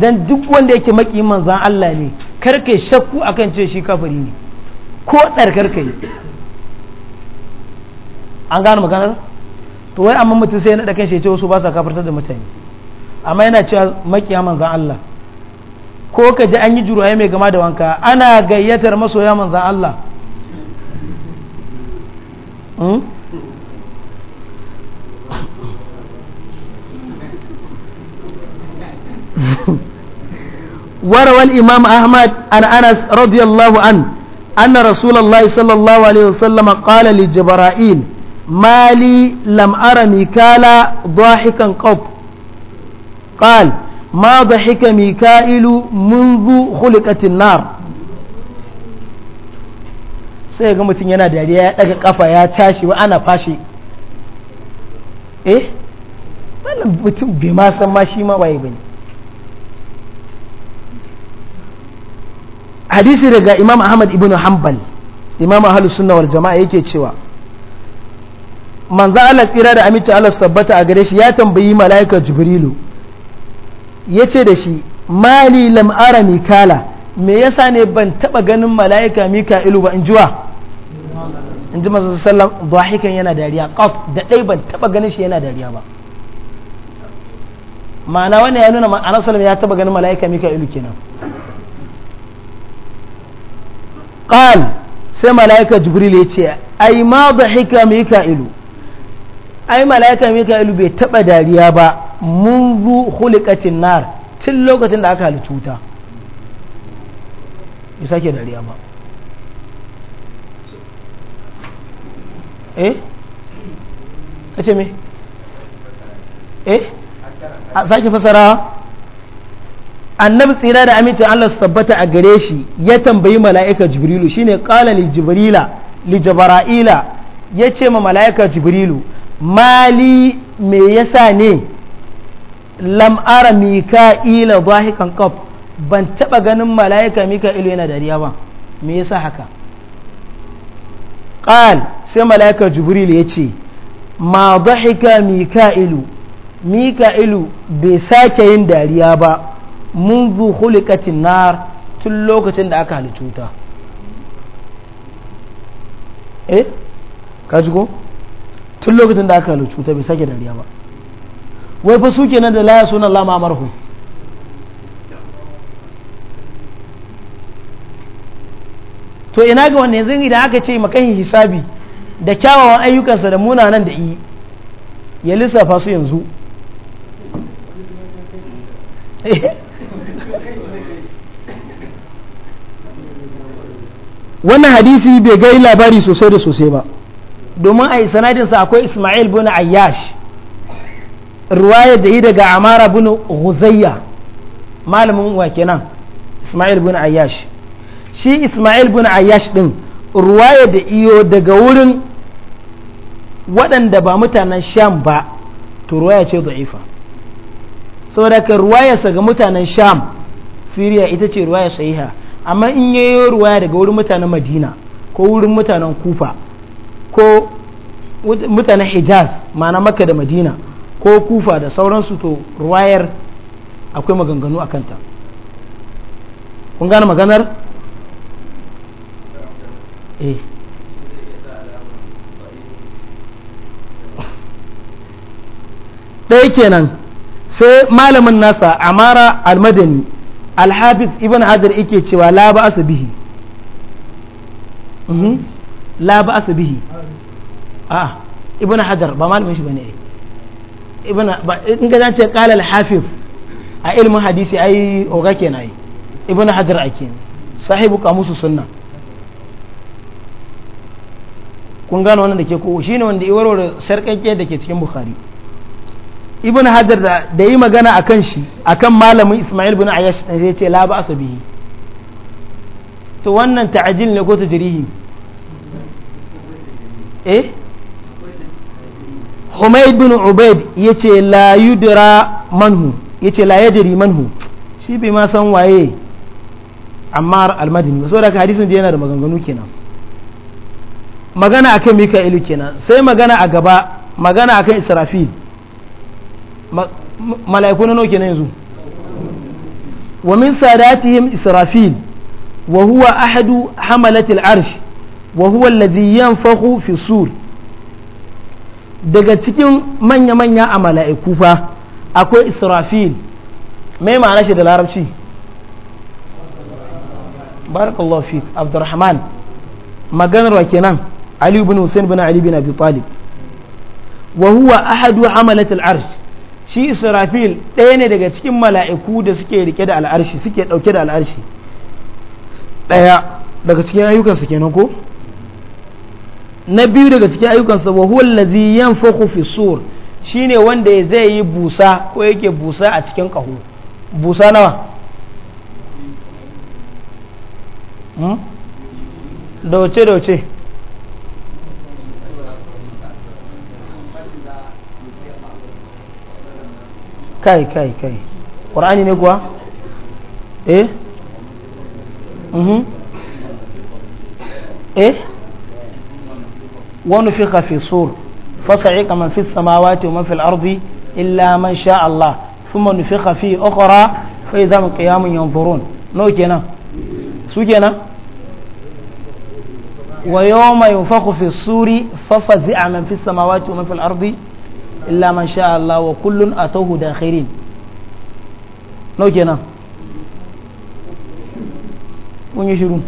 dan duk wanda yake makiyin manzon Allah ne karka shakku akan cewa shi kafiri ne ko ɗarkar ka yi an gano maganar to wai amma mutum sai na da kan shece wasu ba sa kafartar da mutane amma yana cewa makiya manzan Allah ko ka ji an yi juruwa mai gama da wanka ana gayyatar masoya manzan Allah hmm? warawal imam ahmad an anas radiyallahu an أن رسول الله صلى الله عليه وسلم قال لجبرائيل ما لي لم أر ميكالا ضاحكا قط قال ما ضحك ميكائيل منذ خلقت النار sai ga mutum yana dariya ya daga kafa ya tashi wa ana fashi eh wannan mutum bai ma san ma shi ma waye bane hadisi daga imam ahmad ibn hanbal imam ahalus sunna wal jama'a yake cewa manzo Allah tsira da amince Allah su tabbata a gare shi ya tambayi mala'ika jibrilu yace da shi mali lam ara mikala me yasa ne ban taba ganin mala'ika mika'ilu ba in jiwa in ji masu sallan dahikan yana dariya qaf da dai ban taba ganin shi yana dariya ba ma'ana wannan ya nuna ma'ana sallam ya taba ganin mala'ika mika'ilu kenan qal sai malaika jibril ya ce ai bai taɓa dariya ba munzu khuliqatin nar tun lokacin da aka halittu wuta bai sake dariya ba annabi tsira da amincin Allah su tabbata a gare shi ya tambayi mala'ika jibrilu shine qala li jibrila li ya ce ma mala'ika jibrilu mali me yasa ne lam ara mika'ila zahikan qab ban taɓa ganin mala'ika mika'ilu yana dariya ba me yasa haka qal sai mala'ika jibrilu ya ce ma dhahika mika'ilu mika'ilu bai sake yin dariya ba منذ خلقت النار tun lokacin da aka halittu ka ji ko tun lokacin da aka halittu bai sake dariya ba wai fa suke nan da laya sunan lama to ina ga wanne yanzu idan aka ce makahin hisabi da kyawawan ayyukansa da munanan da yi ya lissafa su yanzu wannan hadisi bai gai labari sosai da sosai ba domin a sanadinsa akwai ismail bin ayyash ruwayar da yi daga amara bin huzayya malamin wa kenan ismail bin ayyash shi ismail bin ayyash din ruwaya da iyo daga wurin waɗanda ba mutanen sham ba to ruwaya ce da'ifa saboda ka ruwayarsa ga mutanen sham siriya ita ce ruwaya sahiha amma in yayo ruwaya daga wurin mutanen madina ko wurin mutanen kufa ko mutanen hijaz ma'ana makka da madina ko kufa da sauransu to ruwayar akwai maganganu a kanta kun gane maganar eh ɗaya kenan sai malamin nasa amara almadani الحافظ ibn حجر yake cewa لا ba به bihi mhm. la ibn hajar ba malamin shi bane ibn ba ilmin hadisi ai wannan da ke ko shine wanda iwarwar sarkakke da ke cikin bukhari ibn hajar da yi magana a kan shi a kan malamin ismail bin ayash da zai ce laba su bihi to wannan ta'ajil ne ko ta jirihi eh humaid bin ubaid ya ce la yudra manhu ya ce la yadiri manhu shi bai ma san waye amma almadini ba saboda hadisin da yana da maganganu kenan magana akan mika'ilu kenan sai magana a gaba magana akan israfil mala'iku na nauke na yanzu wa min sadatihim israfil wa huwa ahadu hamalatil arsh wa huwa alladhi yanfakhu fi sur daga cikin manya-manya a mala'iku fa akwai israfil mai ma'ana shi da larabci barakallahu fi abdurrahman maganar wa kenan ali ibn hussein bin ali bin abi talib wa huwa ahadu hamalatil arsh shi israfil ɗaya ne daga cikin mala'iku da suke rike da al'arshi suke ɗauke da al'arshi ɗaya daga cikin ayyukansa kenan ko na biyu daga cikin ayyukansa wa huwa yan yanfakhu fi sur ne wanda zai yi busa ko yake busa a cikin ƙaho busa nawa hmm? dauce dauce كاي كاي كاي قراني نغوا ايه اها أمم. ايه ونفخ في صور فصعق من في السماوات ومن في الارض الا من شاء الله ثم نفخ في اخرى فاذا قيام ينظرون نو كينا ويوم ينفخ في الصور ففزع من في السماوات ومن في الارض illa man sha Allah wa kullun atahu dakhirin no kenan kun yi shiru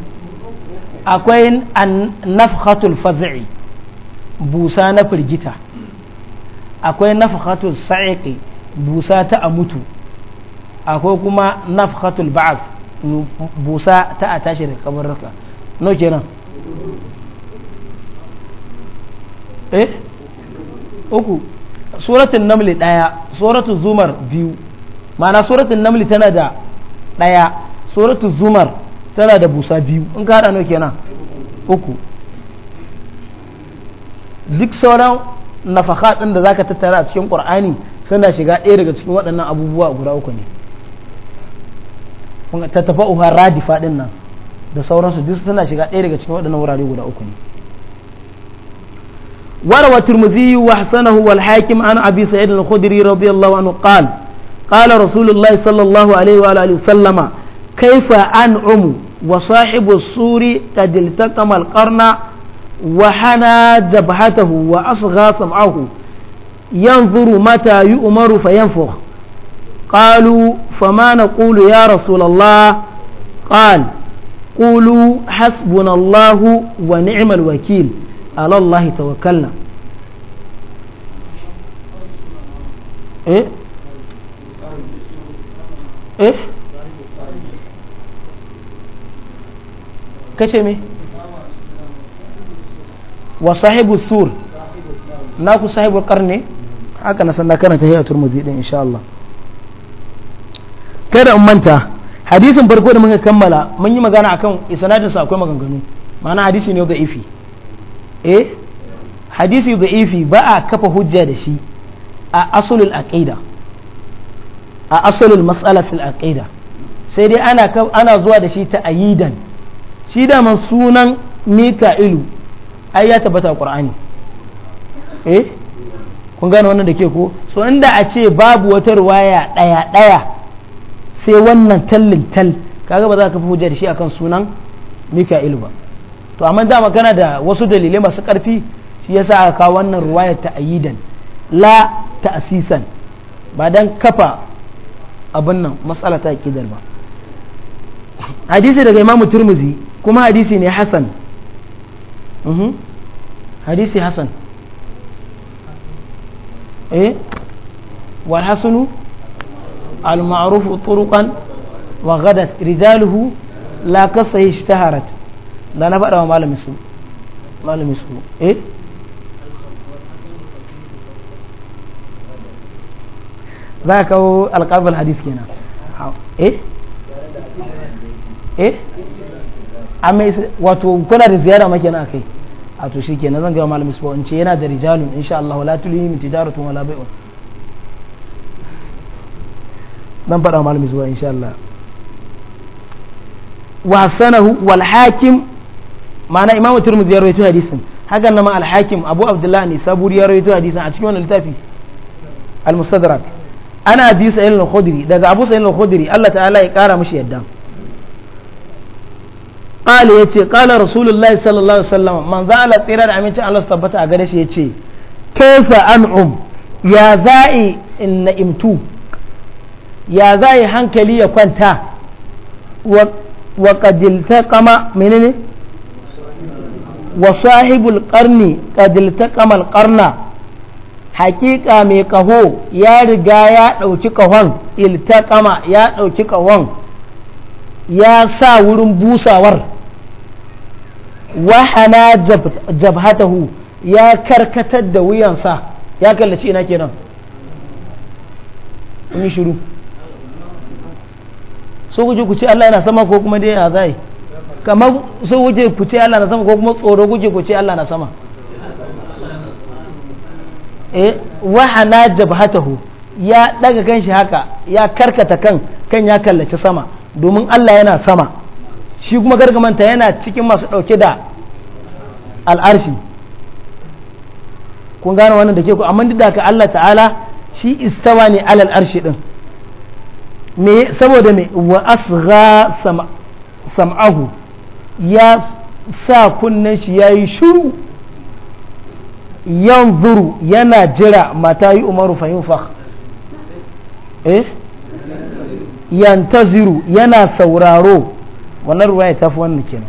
akwai an nafhatul faz'i busa na firgita akwai nafhatul sa'iqi busa ta a mutu akwai kuma nafhatul ba'ath busa ta a da kabarruka no kenan eh uku suratun namli ɗaya suratun zumar biyu ma'ana suratun namli tana da ɗaya suratun zumar tana da busa biyu in ka haɗa kenan uku duk sauran nafaka ɗin da zaka tattara a cikin ƙur'ani suna shiga ɗaya daga cikin waɗannan abubuwa guda uku ne ta tafa uha radifa ɗin nan da sauransu duk suna shiga ɗaya daga cikin waɗannan wurare guda uku ne وروى الترمذي وحسنه والحاكم عن أبي سعيد الخدري رضي الله عنه قال قال رسول الله صلى الله عليه وآله وسلم كيف أنعم وصاحب السور قد التقم القرن وحنى جبهته وأصغى سمعه ينظر متى يؤمر فينفخ قالوا فما نقول يا رسول الله قال قولوا حسبنا الله ونعم الوكيل على الله توكلنا إيه إيه كشي مي وصاحب السور ناكو صاحب القرن haka na sanda karanta hayar turmudi din insha Allah kada in manta hadisin farko da muka kammala mun yi magana akan isnadin sa akwai maganganu ma'ana hadisi ne da ifi eh hadisi da'ifi ba a kafa hujja da shi a asulul aqida a asulul mas'ala fil aqida sai dai ana ana zuwa da shi ta ayidan shi da man sunan mika'ilu ai ya tabbata qur'ani eh kun gane wannan da ke ko so inda a ce babu wata ruwaya daya daya sai wannan tallin tal kaga ba za ka fi hujja da shi akan sunan mika'ilu ba to amma dama magana da wasu dalilai masu karfi shi yasa aka kawo wannan ruwaya ta ayidan la ta'sisan ba dan kafa abin nan matsala ta aqidar ba hadisi daga imamu turmuzi kuma hadisi ne hasan mhm. hadisi hasan eh wal hasanu al ma'ruf turuqan wa ghadat rijaluhu la kasahi ishtaharat da na faɗa wa malami su eh za ka kawo hadis kenan eh eh wato kuna da ziyara na a to shi kenan zan su in ce yana da rijalun insha Allah la wala bai'un dan faɗa su insha Allah wa sanahu wal hakim ma'ana imam turmuzi ya rawaito hadisin hakan nama al-hakim abu abdullahi ne saburi ya rawaito hadisin a cikin wani littafi al-mustadrak ana abi sa'id al-khudri daga abu sa'id al-khudri Allah ta'ala ya kara mishi yadda qala yace qala rasulullahi sallallahu alaihi wasallam man za'ala tsirar amincin Allah tabbata a gare shi yace kaifa an'um ya za'i in na'imtu ya za'i hankali ya kwanta wa qad kama menene wa sahibul qarni qad iltaqama qarna haƙiƙa mai kaho ya riga ya ɗauki kahon iltaqama ya ɗauki kahon ya sa wurin busawar wahana jabhatahu ya karkatar da wuyansa ya kallaci ina kenan in shiru so ku ku ce Allah yana sama ko kuma dai a zai kamar so wuje ku ce Allah na sama ko kuma tsoro guje ku ce Allah na sama eh wahana jabhatahu ya daga kan shi haka ya karkata kan kan ya kallaci sama domin Allah yana sama shi kuma gargamanta yana cikin masu dauke da al'arshi kun gane wannan da ke ku amma da ka Allah ta'ala shi istawa ne alal arshi din me saboda me wa asgha sam'ahu ya sa kunnen shi ya yi shuru zuru yana jira mata yi umaru fah. eh yantaziru yana sauraro wannan ruwa ya tafi wannan kenan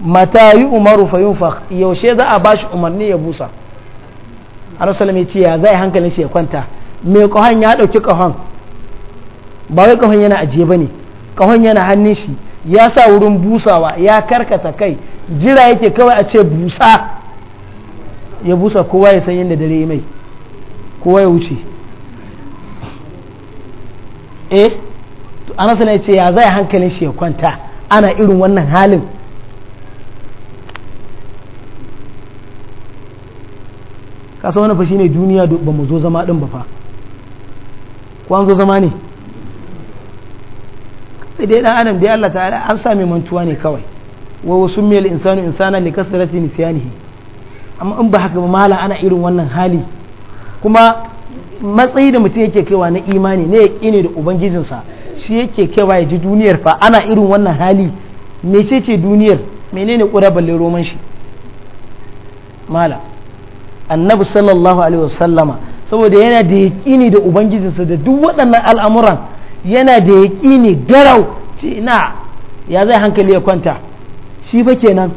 mata yi umaru fah yaushe za a bashi umarni ya busa anasalam ya ce ya zai hankalin shi ya kwanta me kahon ya dauki kahon ba wai kahon yana ajiye ba ne kahon yana hannun shi ya sa wurin busawa ya karkata kai jira yake kawai a ce busa ya busa kowa ya san yadda dare mai kowa ya wuce eh ana sana ce ya zai hankalin shi ya kwanta ana irin wannan halin kasa wani fa shine duniya ba mu zo zama din ba fa ko an zo zama ne sai dai dan adam dai Allah ta'ala an sami mantuwa ne kawai wa wasu mil insanu insana li kasrati nisyanihi amma in ba haka ba mala ana irin wannan hali kuma matsayi da mutum yake kaiwa na imani ne kine da ubangijinsa shi yake kaiwa ya ji duniyar fa ana irin wannan hali me ce ce duniyar menene kura balle roman shi mala annabi sallallahu alaihi wasallama saboda yana da yaqini da ubangijinsa da duk waɗannan al'amuran yana da yaƙini garau ce ina ya zai hankali ya kwanta shi ke kenan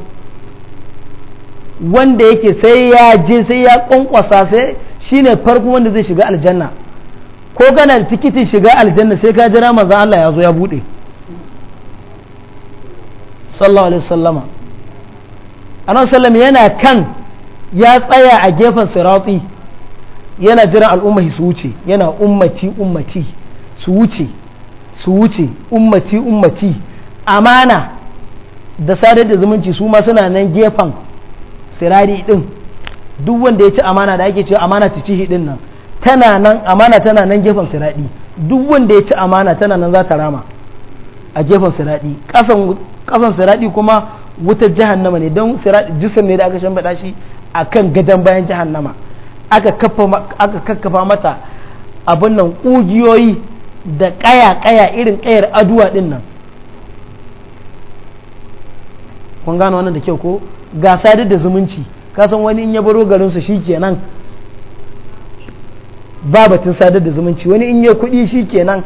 wanda yake sai ya je sai ya kwankwasa sai shi ne farko wanda zai shiga aljanna ko gana da tikitin shiga aljanna sai ka jira maza Allah ya zo ya bude sallallahu alaihi wasallama anan sallam yana kan ya tsaya a gefen sirati yana jiran al'umma su wuce yana ummati ummati su wuce su wuce ummaci ummaci amana da sadar da zumunci su ma suna nan gefen sirari din duk wanda ya ci amana da ake cewa amana ta cihi din nan tana nan amana tana nan gefen siradi duk wanda ya ci amana tana nan za ta rama a gefen siradi kasan kasan siradi kuma wutar jahannama ne don siradi jisan ne da aka shambada shi akan gadan bayan jahannama aka kakkafa mata abin nan ƙugiyoyi da kaya kaya irin kayar aduwa din nan kun gano wannan da kyau ko ga sadar da zumunci kasan wani in ya baro ke shikenan ba batun sadar da zumunci wani in ya kuɗi shikenan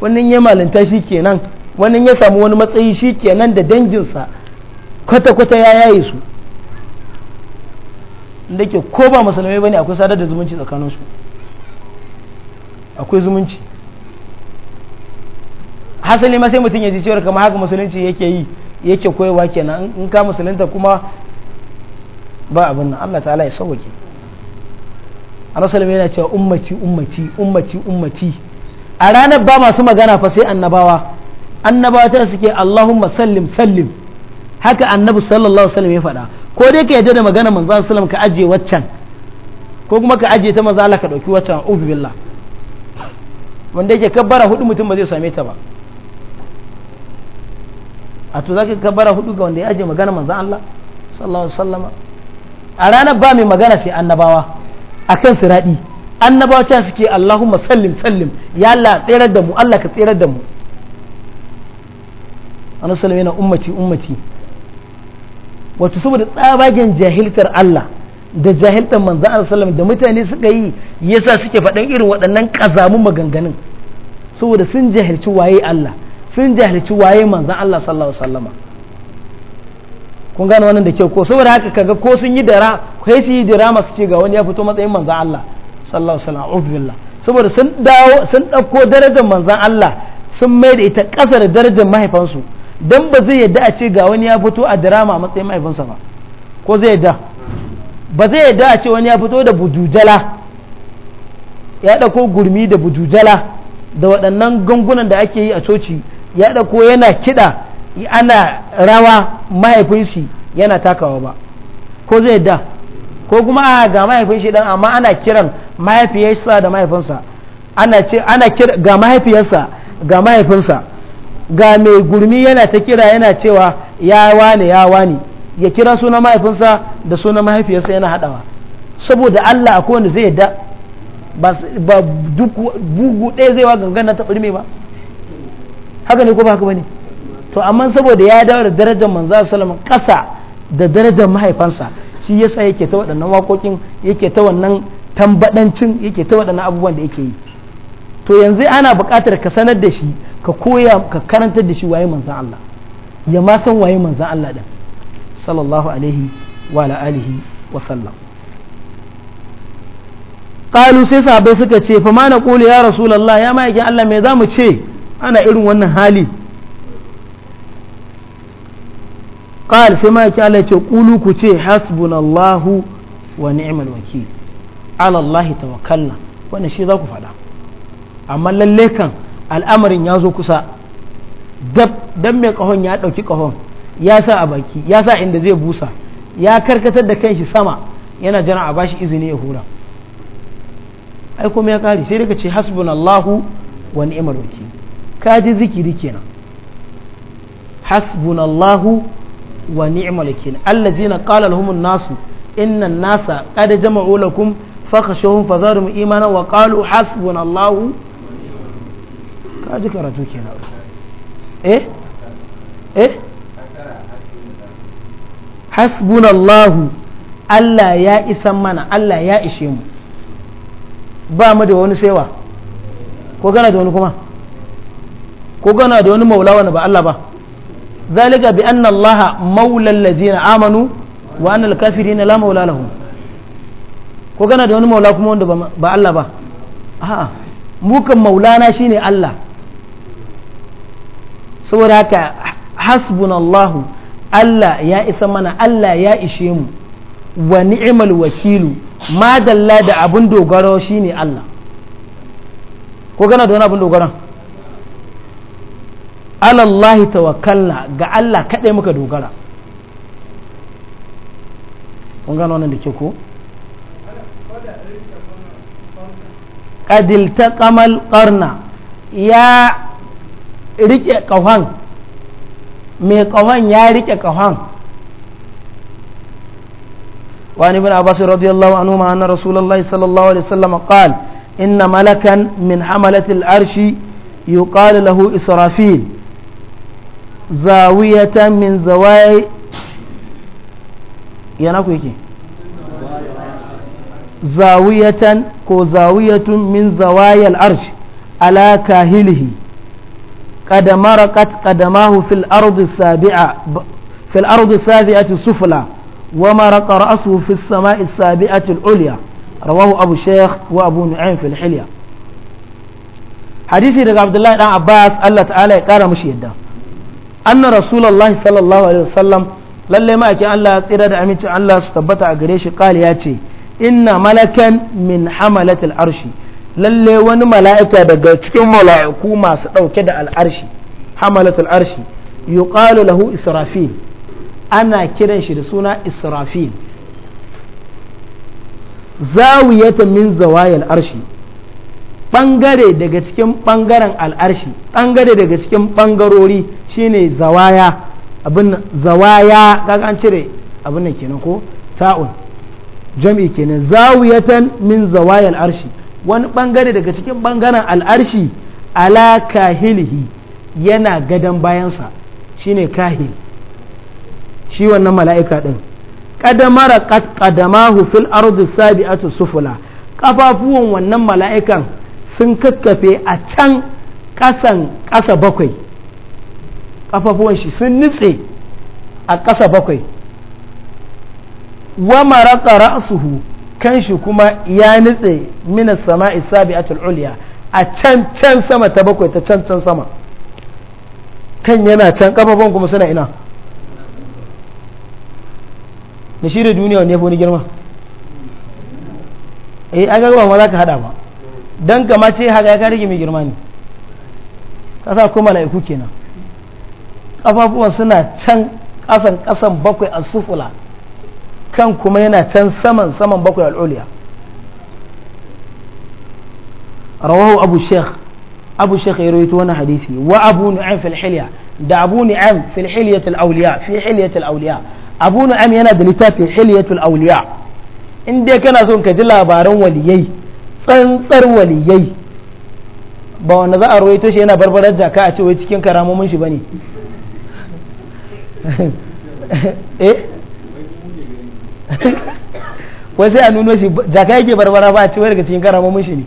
wani in ya malinta shikenan wani in ya samu wani matsayi shikenan da danginsa kwata-kwata ya yaye su da ke ko ba musulmai bane akwai sadar da zumunci tsakaninsu akwai zumunci hasali ma sai mutum ya ji cewar kamar haka musulunci yake yi yake koyewa kenan in ka musulunta kuma ba abin nan Allah ta'ala ya sauwake annabi yana cewa ummati ummati ummati ummati a ranar ba masu magana fa sai annabawa annabawa ta suke Allahumma sallim sallim haka annabi sallallahu alaihi wasallam ya faɗa ko dai ka yadda da magana manzon sallam ka aje waccan ko kuma ka aje ta manzo Allah ka dauki waccan ubi billah wanda yake kabbara hudu mutum ba zai same ta ba a to zaka kabara hudu ga wanda ya aje magana manzan Allah sallallahu alaihi wasallama a ranar ba mai magana sai annabawa a kan siradi annabawa can suke Allahumma sallim sallim ya Allah tsere da mu Allah ka tsere da mu annabi sallallahu yana ummati ummati wato saboda tsabagen jahiltar Allah da jahiltar manzan Allah sallallahu da mutane suka yi yasa suke faɗan irin waɗannan kazamun maganganun saboda sun jahilci waye Allah sun jahilci waye manzan Allah sallallahu alaihi wasallama kun gane wannan da kyau ko saboda haka kaga ko sun yi dara kai su yi dara masu ce ga wani ya fito matsayin manzan Allah sallallahu alaihi wasallam ubillah saboda sun dawo sun dauko darajar manzan Allah sun mai da ita kasar darajar mahaifansu dan ba zai yadda a ce ga wani ya fito a dirama matsayin mahaifinsa ba ko zai yadda ba zai yadda a ce wani ya fito da bujujala ya dauko gurmi da bujujala da waɗannan gangunan da ake yi a coci ya ɗauko yana kiɗa ana rawa mahaifinsa yana takawa ba ko zai da ko kuma a ga shi dan amma ana kiran mahaifiyarsa da mahaifinsa ana ce ana kira ga mahaifiyarsa ga mahaifinsa ga mai gurmi yana ta kira yana cewa ya wani ya wani ya kira sunan mahaifinsa da sunan mahaifiyarsa yana haɗawa saboda Allah akwai wanda zai da ba duk bugu ɗaya zai wa gangan na taɓa ba haka ne ko ba haka bane to amma saboda ya dawo da darajar manzo sallallahu kasa da darajar mahaifansa shi yasa yake ta waɗannan wakokin yake ta wannan tambadancin yake ta waɗannan abubuwan da yake yi to yanzu ana buƙatar ka sanar da shi ka koya ka karantar da shi waye manzo Allah ya ma san waye manzo Allah din sallallahu alaihi wa ala alihi wa sallam qalu sai sahabbai suka ce fa ma naqulu ya rasulullah ya ma yakin Allah me zamu ce ana irin wannan hali qal sai ma yake ce ƙulu ku ce hasbunallahu wa ni'mal wakil ala tawakkalna wannan shi za ku faɗa amma lalle kan al'amarin ya zo kusa dab mai kahon ya ɗauki kahon ya sa a baki ya sa inda zai busa ya karkatar da kanshi sama yana jira a bashi izini ya hura ai kuma ya kare sai daga ce hasbunallahu wa ni'mal waki. ka ji zikiri kenan hasbunallahu wa ni'mal wakil allazina qala lahum nasu inna nasa qad jama'u lakum fakhashawhum fazadhum imana wa qalu hasbunallahu ka karatu kenan eh eh hasbunallahu Allah ya isan mana Allah ya ishe mu ba mu da wani saiwa ko gana da wani kuma ko gana da wani maula wani ba Allah ba zalika bi anna Allah maula allazina amanu wa anna al-kafirina la maula lahum ko gana da wani maula kuma wanda ba Allah ba a'a kan maulana shine Allah saboda haka hasbunallahu Allah ya isa mana Allah ya ishe mu wa ni'mal wakilu madalla da abun dogaro shine Allah ko gana da wani abun dogaro alallahi tawakkalna ga Allah kaɗai muka dogara kun gano wannan da ke ko ƙadilta kamal ƙarna ya rike ƙahon mai ƙahon ya rike ƙahon وعن ابن عباس رضي الله عنهما أن رسول الله صلى الله عليه وسلم قال إن ملكا من حملة العرش يقال له إسرافيل zawiyatan min zawai yana arsh ala kahilihi qadamara qad qadamahu fil ardi sabi'a fil ardi sabi'ati sufla wa maraqa ra'suhu fis sama'i sabi'ati ulya rawahu abu shaykh wa abu nu'aym fil hilya hadisi daga abdullahi dan abbas allah ta'ala ya kara mushi yadda anna rasulullahi sallallahu alaihi wasallam lalle ake Allah tsira da amincin Allah su tabbata a gare shi qali ya ce inna malakan min hamalatil arshi lalle wani mala'ika daga cikin mala'iku masu dauke da al'arshi hamalatul arshi yuqalu lahu israfil ana kiran shi da suna israfil zawiyatan min zawayil arshi ɓangare daga cikin ɓangaren al'arshi ɓangare daga cikin ɓangarori shine zawaya abin zawaya kaga an cire abin nan kenan ko ta'un jam'i kenan zawiyatan min zawaya al'arshi wani ɓangare daga cikin ɓangaren al'arshi ala kahilihi yana gadon bayansa shine kahil shi wannan mala'ika ɗin ƙadamara ƙadamahu fil ardi sabi'atu sufula kafafuwan wannan mala'ikan sun kakkafe a can ƙasan ƙasa bakwai ƙafafuwan shi sun nutse a ƙasa bakwai wa maraƙa ra'suhu kan shi kuma ya nutse minas sama'i sabi'atul ulya a can can sama ta bakwai ta can can sama kan yana can ƙafafuwan kuma suna ina da shi da duniya wani ya fi wani girma eh ga ba ma za ka hada ba don gama ce haka ya rage mai girma ne kasa kuma mala'iku kenan kafafuwan suna can ƙasan ƙasan bakwai a sufula kan kuma yana can saman saman bakwai al'uliya rawahu abu sheikh abu sheikh ya rawaito wani hadisi wa abu nu'am fil hilya da abu nu'am fil hilyatul awliya fi hilyatul awliya abu nu'am yana da littafin hilyatul awliya in dai kana son ka ji labaran waliyai tsantsar waliyai ba wanda za a rawaito shi yana barbarar jaka a cewa cikin karamomin shi bane eh wai sai a nuno shi jaka yake barbara ba a cewa daga cikin karamomin shi ne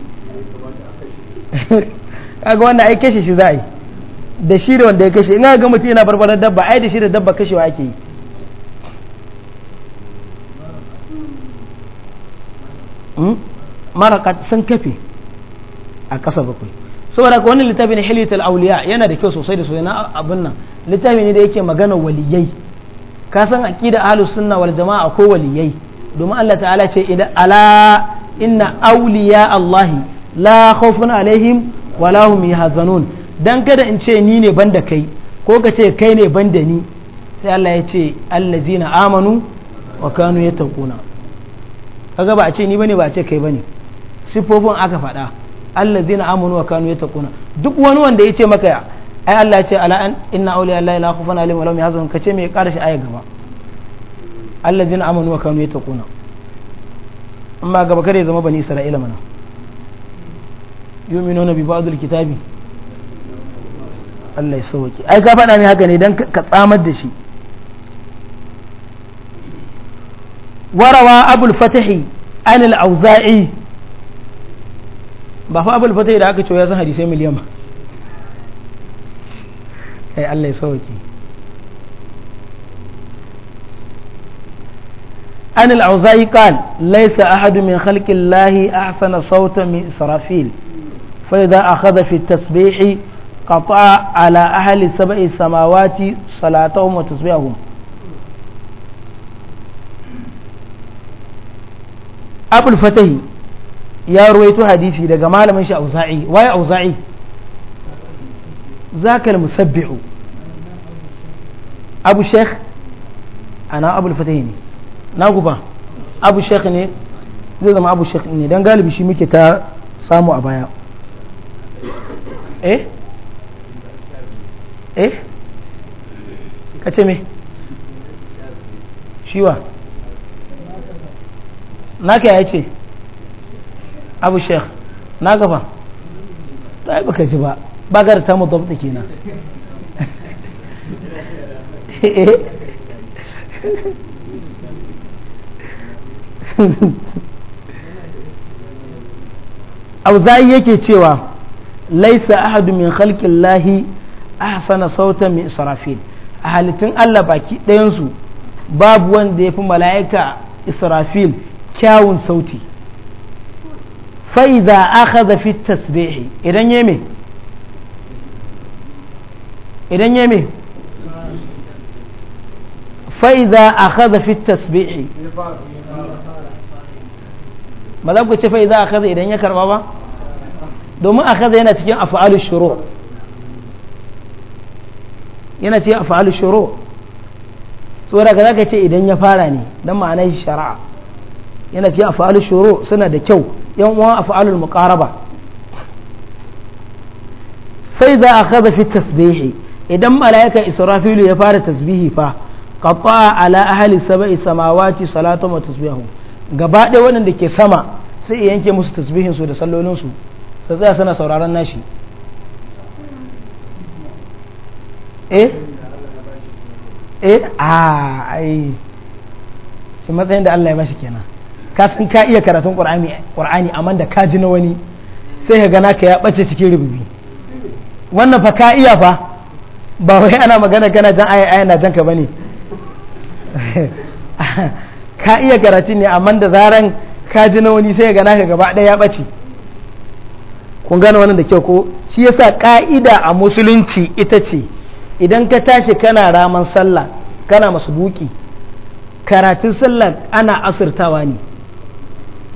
kaga wanda ai kashe shi za a yi da shi da wanda ya kashe in ga mutum yana barbarar dabba ai da shi da dabba kashewa ake yi Hmm? marakat sun kafe a ƙasa bakwai saboda ka wani littafi ne hilitul auliya yana da kyau sosai da sosai na abin nan littafi ne da yake magana waliyai ka san aqida ahlus sunna wal jama'a ko waliyai domin Allah ta'ala ce ina ala inna auliya Allah la khawfun alaihim wa la hum yahzanun dan kada in ce ni ne banda kai ko ka ce kai ne banda ni sai Allah ya ce allazina amanu wa kanu yattaquna kaga ba a ce ni bane ba a ce kai bane siffofin aka faɗa zina amanu wa kanu ya yattaquna duk wani wanda ya ce maka ya ai Allah ce ala an inna auli Allah ila khawfun alim wa lahum yahzanun kace me ƙara shi aya gaba allah zina amanu wa kanu ya yattaquna amma gaba kare zama bani isra'ila mana yu'minuna bi ba'dil kitabi Allah ya sauke ai ka faɗa ne haka ne dan ka tsamar da shi warawa abul fatahi an al ba fa abul fatai da aka ce ya san hadisai miliyan ba kai Allah ya sauke an al-auza'i qal laysa ahadu min khalqi Allah ahsana sawta min israfil fa idha akhadha fi at-tasbih qata'a ala ahli sab'i samawati salatahum wa tasbihahum abul fatahi ya ruwaito hadisi daga malamin shi auza'i waye auza'i zakal musabbihu abu sheikh ana abu fatahi ne na guba abu sheikh ne zai zama abu sheikh ne don galibi shi muke ta samu a baya eh eh kace me shiwa naka ya ce abu sheikh na gaba ta yi baka ji ba bagar ta mu dabta kenan auza'i yake cewa laisa ahadu min khalqin lahi ahsana sautan min israfil a halittun Allah baki ɗayansu babu wanda ya fi mala'ika israfil kyawun sauti fa'iza akhadha fi tasbihi idan yeme idan yeme fa'iza akhadha fi ce fa'iza akhadha idan ya karba ba domin akhadha yana cikin af'alus shuru yana cikin af'alus shuru saboda ka zaka ce idan ya fara ni dan ma'anar shari'a yana a fa’alin shuru suna da kyau yan uwan af'alul sai za a kaza fi tasbihi idan malaika israfilu ya fara tasbihi fa qata ala ahli sab'i samawati salatu wa tasbihu gaba ɗaya waɗanda ke sama sai iya yanke musu tasbihinsu da sallolinsu su sai tsaya suna sauraron nashi eh eh a ah, ai shi matsayin da Allah ya bashi kenan ka san ka iya karatun qur'ani amma da ka ji na wani sai ka gana ka ya bace cikin rububi wannan fa ka iya fa ba wai ana magana kana jan aya aya na jan ka bane ka iya karatun ne amma da zaran ka ji na wani sai ka gana ka gaba ɗaya ya bace kun gane wannan da kyau ko shi yasa ka'ida a musulunci ita ce idan ka tashi kana raman sallah kana masu buki karatun sallah ana asirtawa ne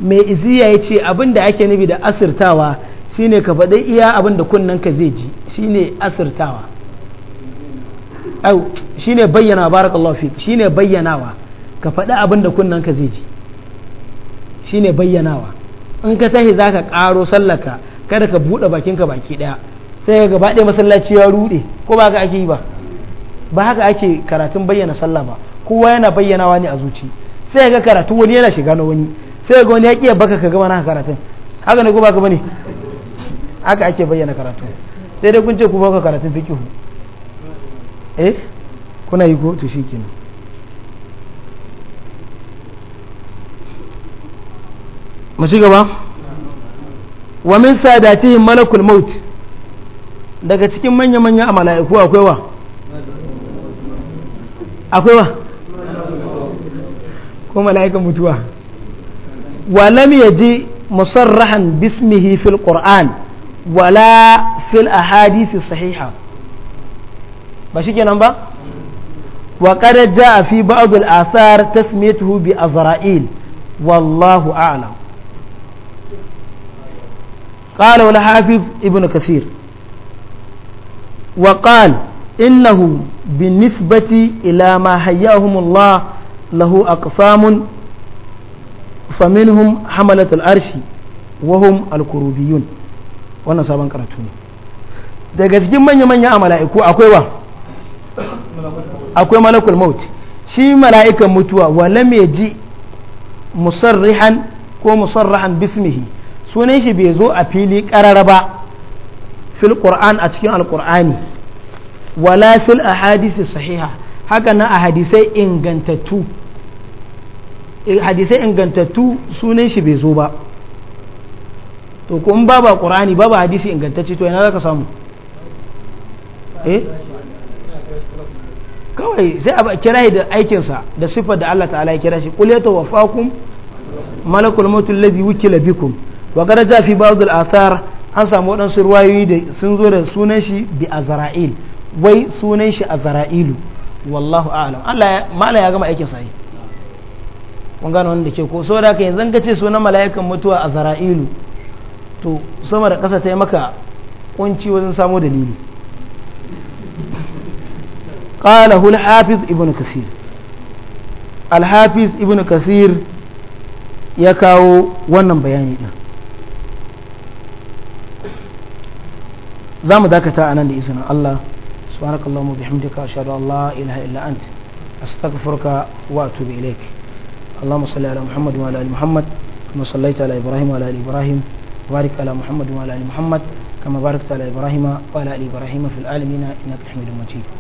mai iziya ya ce abinda ake nufi da asirtawa shine ka faɗi iya abinda kunnen ka zai ji shine asirtawa au shine bayyana barakallahu fik shine bayyanawa ka faɗi abinda kunnen ka zai ji shine bayyanawa in ka tahi zaka ƙaro sallaka kada ka buɗe bakinka baki ɗaya sai gaba ɗaya masallaci ya rude ko ba haka ake yi ba ba haka ake karatun bayyana sallah ba kowa yana bayyanawa ne a zuci sai ga karatu wani yana shiga na wani sai ga wani ya kiya baka ka gama na karatun haka ne ko baka bane haka ake bayyana karatu sai dai kun ce ku baka karatun fiqh eh kuna yi ko to shikenan mu ci gaba wa min sadatihi malakul maut daga cikin manya-manya a mala'iku akwai wa akwai wa ko mala'ikan mutuwa ولم يجي مصرحا باسمه في القرآن ولا في الأحاديث الصحيحة ماشي كي نمبر وقد جاء في بعض الآثار تسميته بأزرائيل والله أعلم قال الحافظ ابن كثير وقال إنه بالنسبة إلى ما هيأهم الله له أقسام faminhum hamalatul arshi wahum alkurubiyun wannan sabon karatu ne daga cikin manya-manya a mala'iku akwai wa akwai malakul maut shi mala'ikan mutuwa wala mai ji musarrihan ko musarrahan bismihi sunan shi bai zo a fili karara ba fil a cikin AlKur'ani wala fil ahadisi sahiha haka na ahadisai ingantattu Eh, hadisai ingantattu sunan shi bai zo ba to ko in ba qur'ani ba hadisi ingantacce to ina zaka samu eh kawai sai a kira da aikinsa da sifar da Allah ta'ala ya kira shi qul yatawaffakum malakul mautul ladzi wukila bikum wa garaja fi ba'd al athar an samu wadansu ruwayoyi da sun zo da sunan shi bi azra'il wai sunan shi azra'ilu wallahu a'lam Allah mala ya gama aikin sa kun gano wanda ke ko saboda haka yanzu ka ce sunan mala'ikan mutuwa a zara'ilu to sama da kasa ta yi maka kunci wajen samo dalili qala hul hafiz ibnu kasir al hafiz ibn kasir ya kawo wannan bayani din za mu dakata a nan da izinin Allah subhanakallahumma bihamdika ashhadu an la ilaha illa anta astaghfiruka wa atubu اللهم صل على محمد وعلى ال محمد كما صليت على ابراهيم وعلى ال ابراهيم وبارك على محمد وعلى ال محمد كما باركت على ابراهيم وعلى ال ابراهيم في العالمين انك حميد مجيد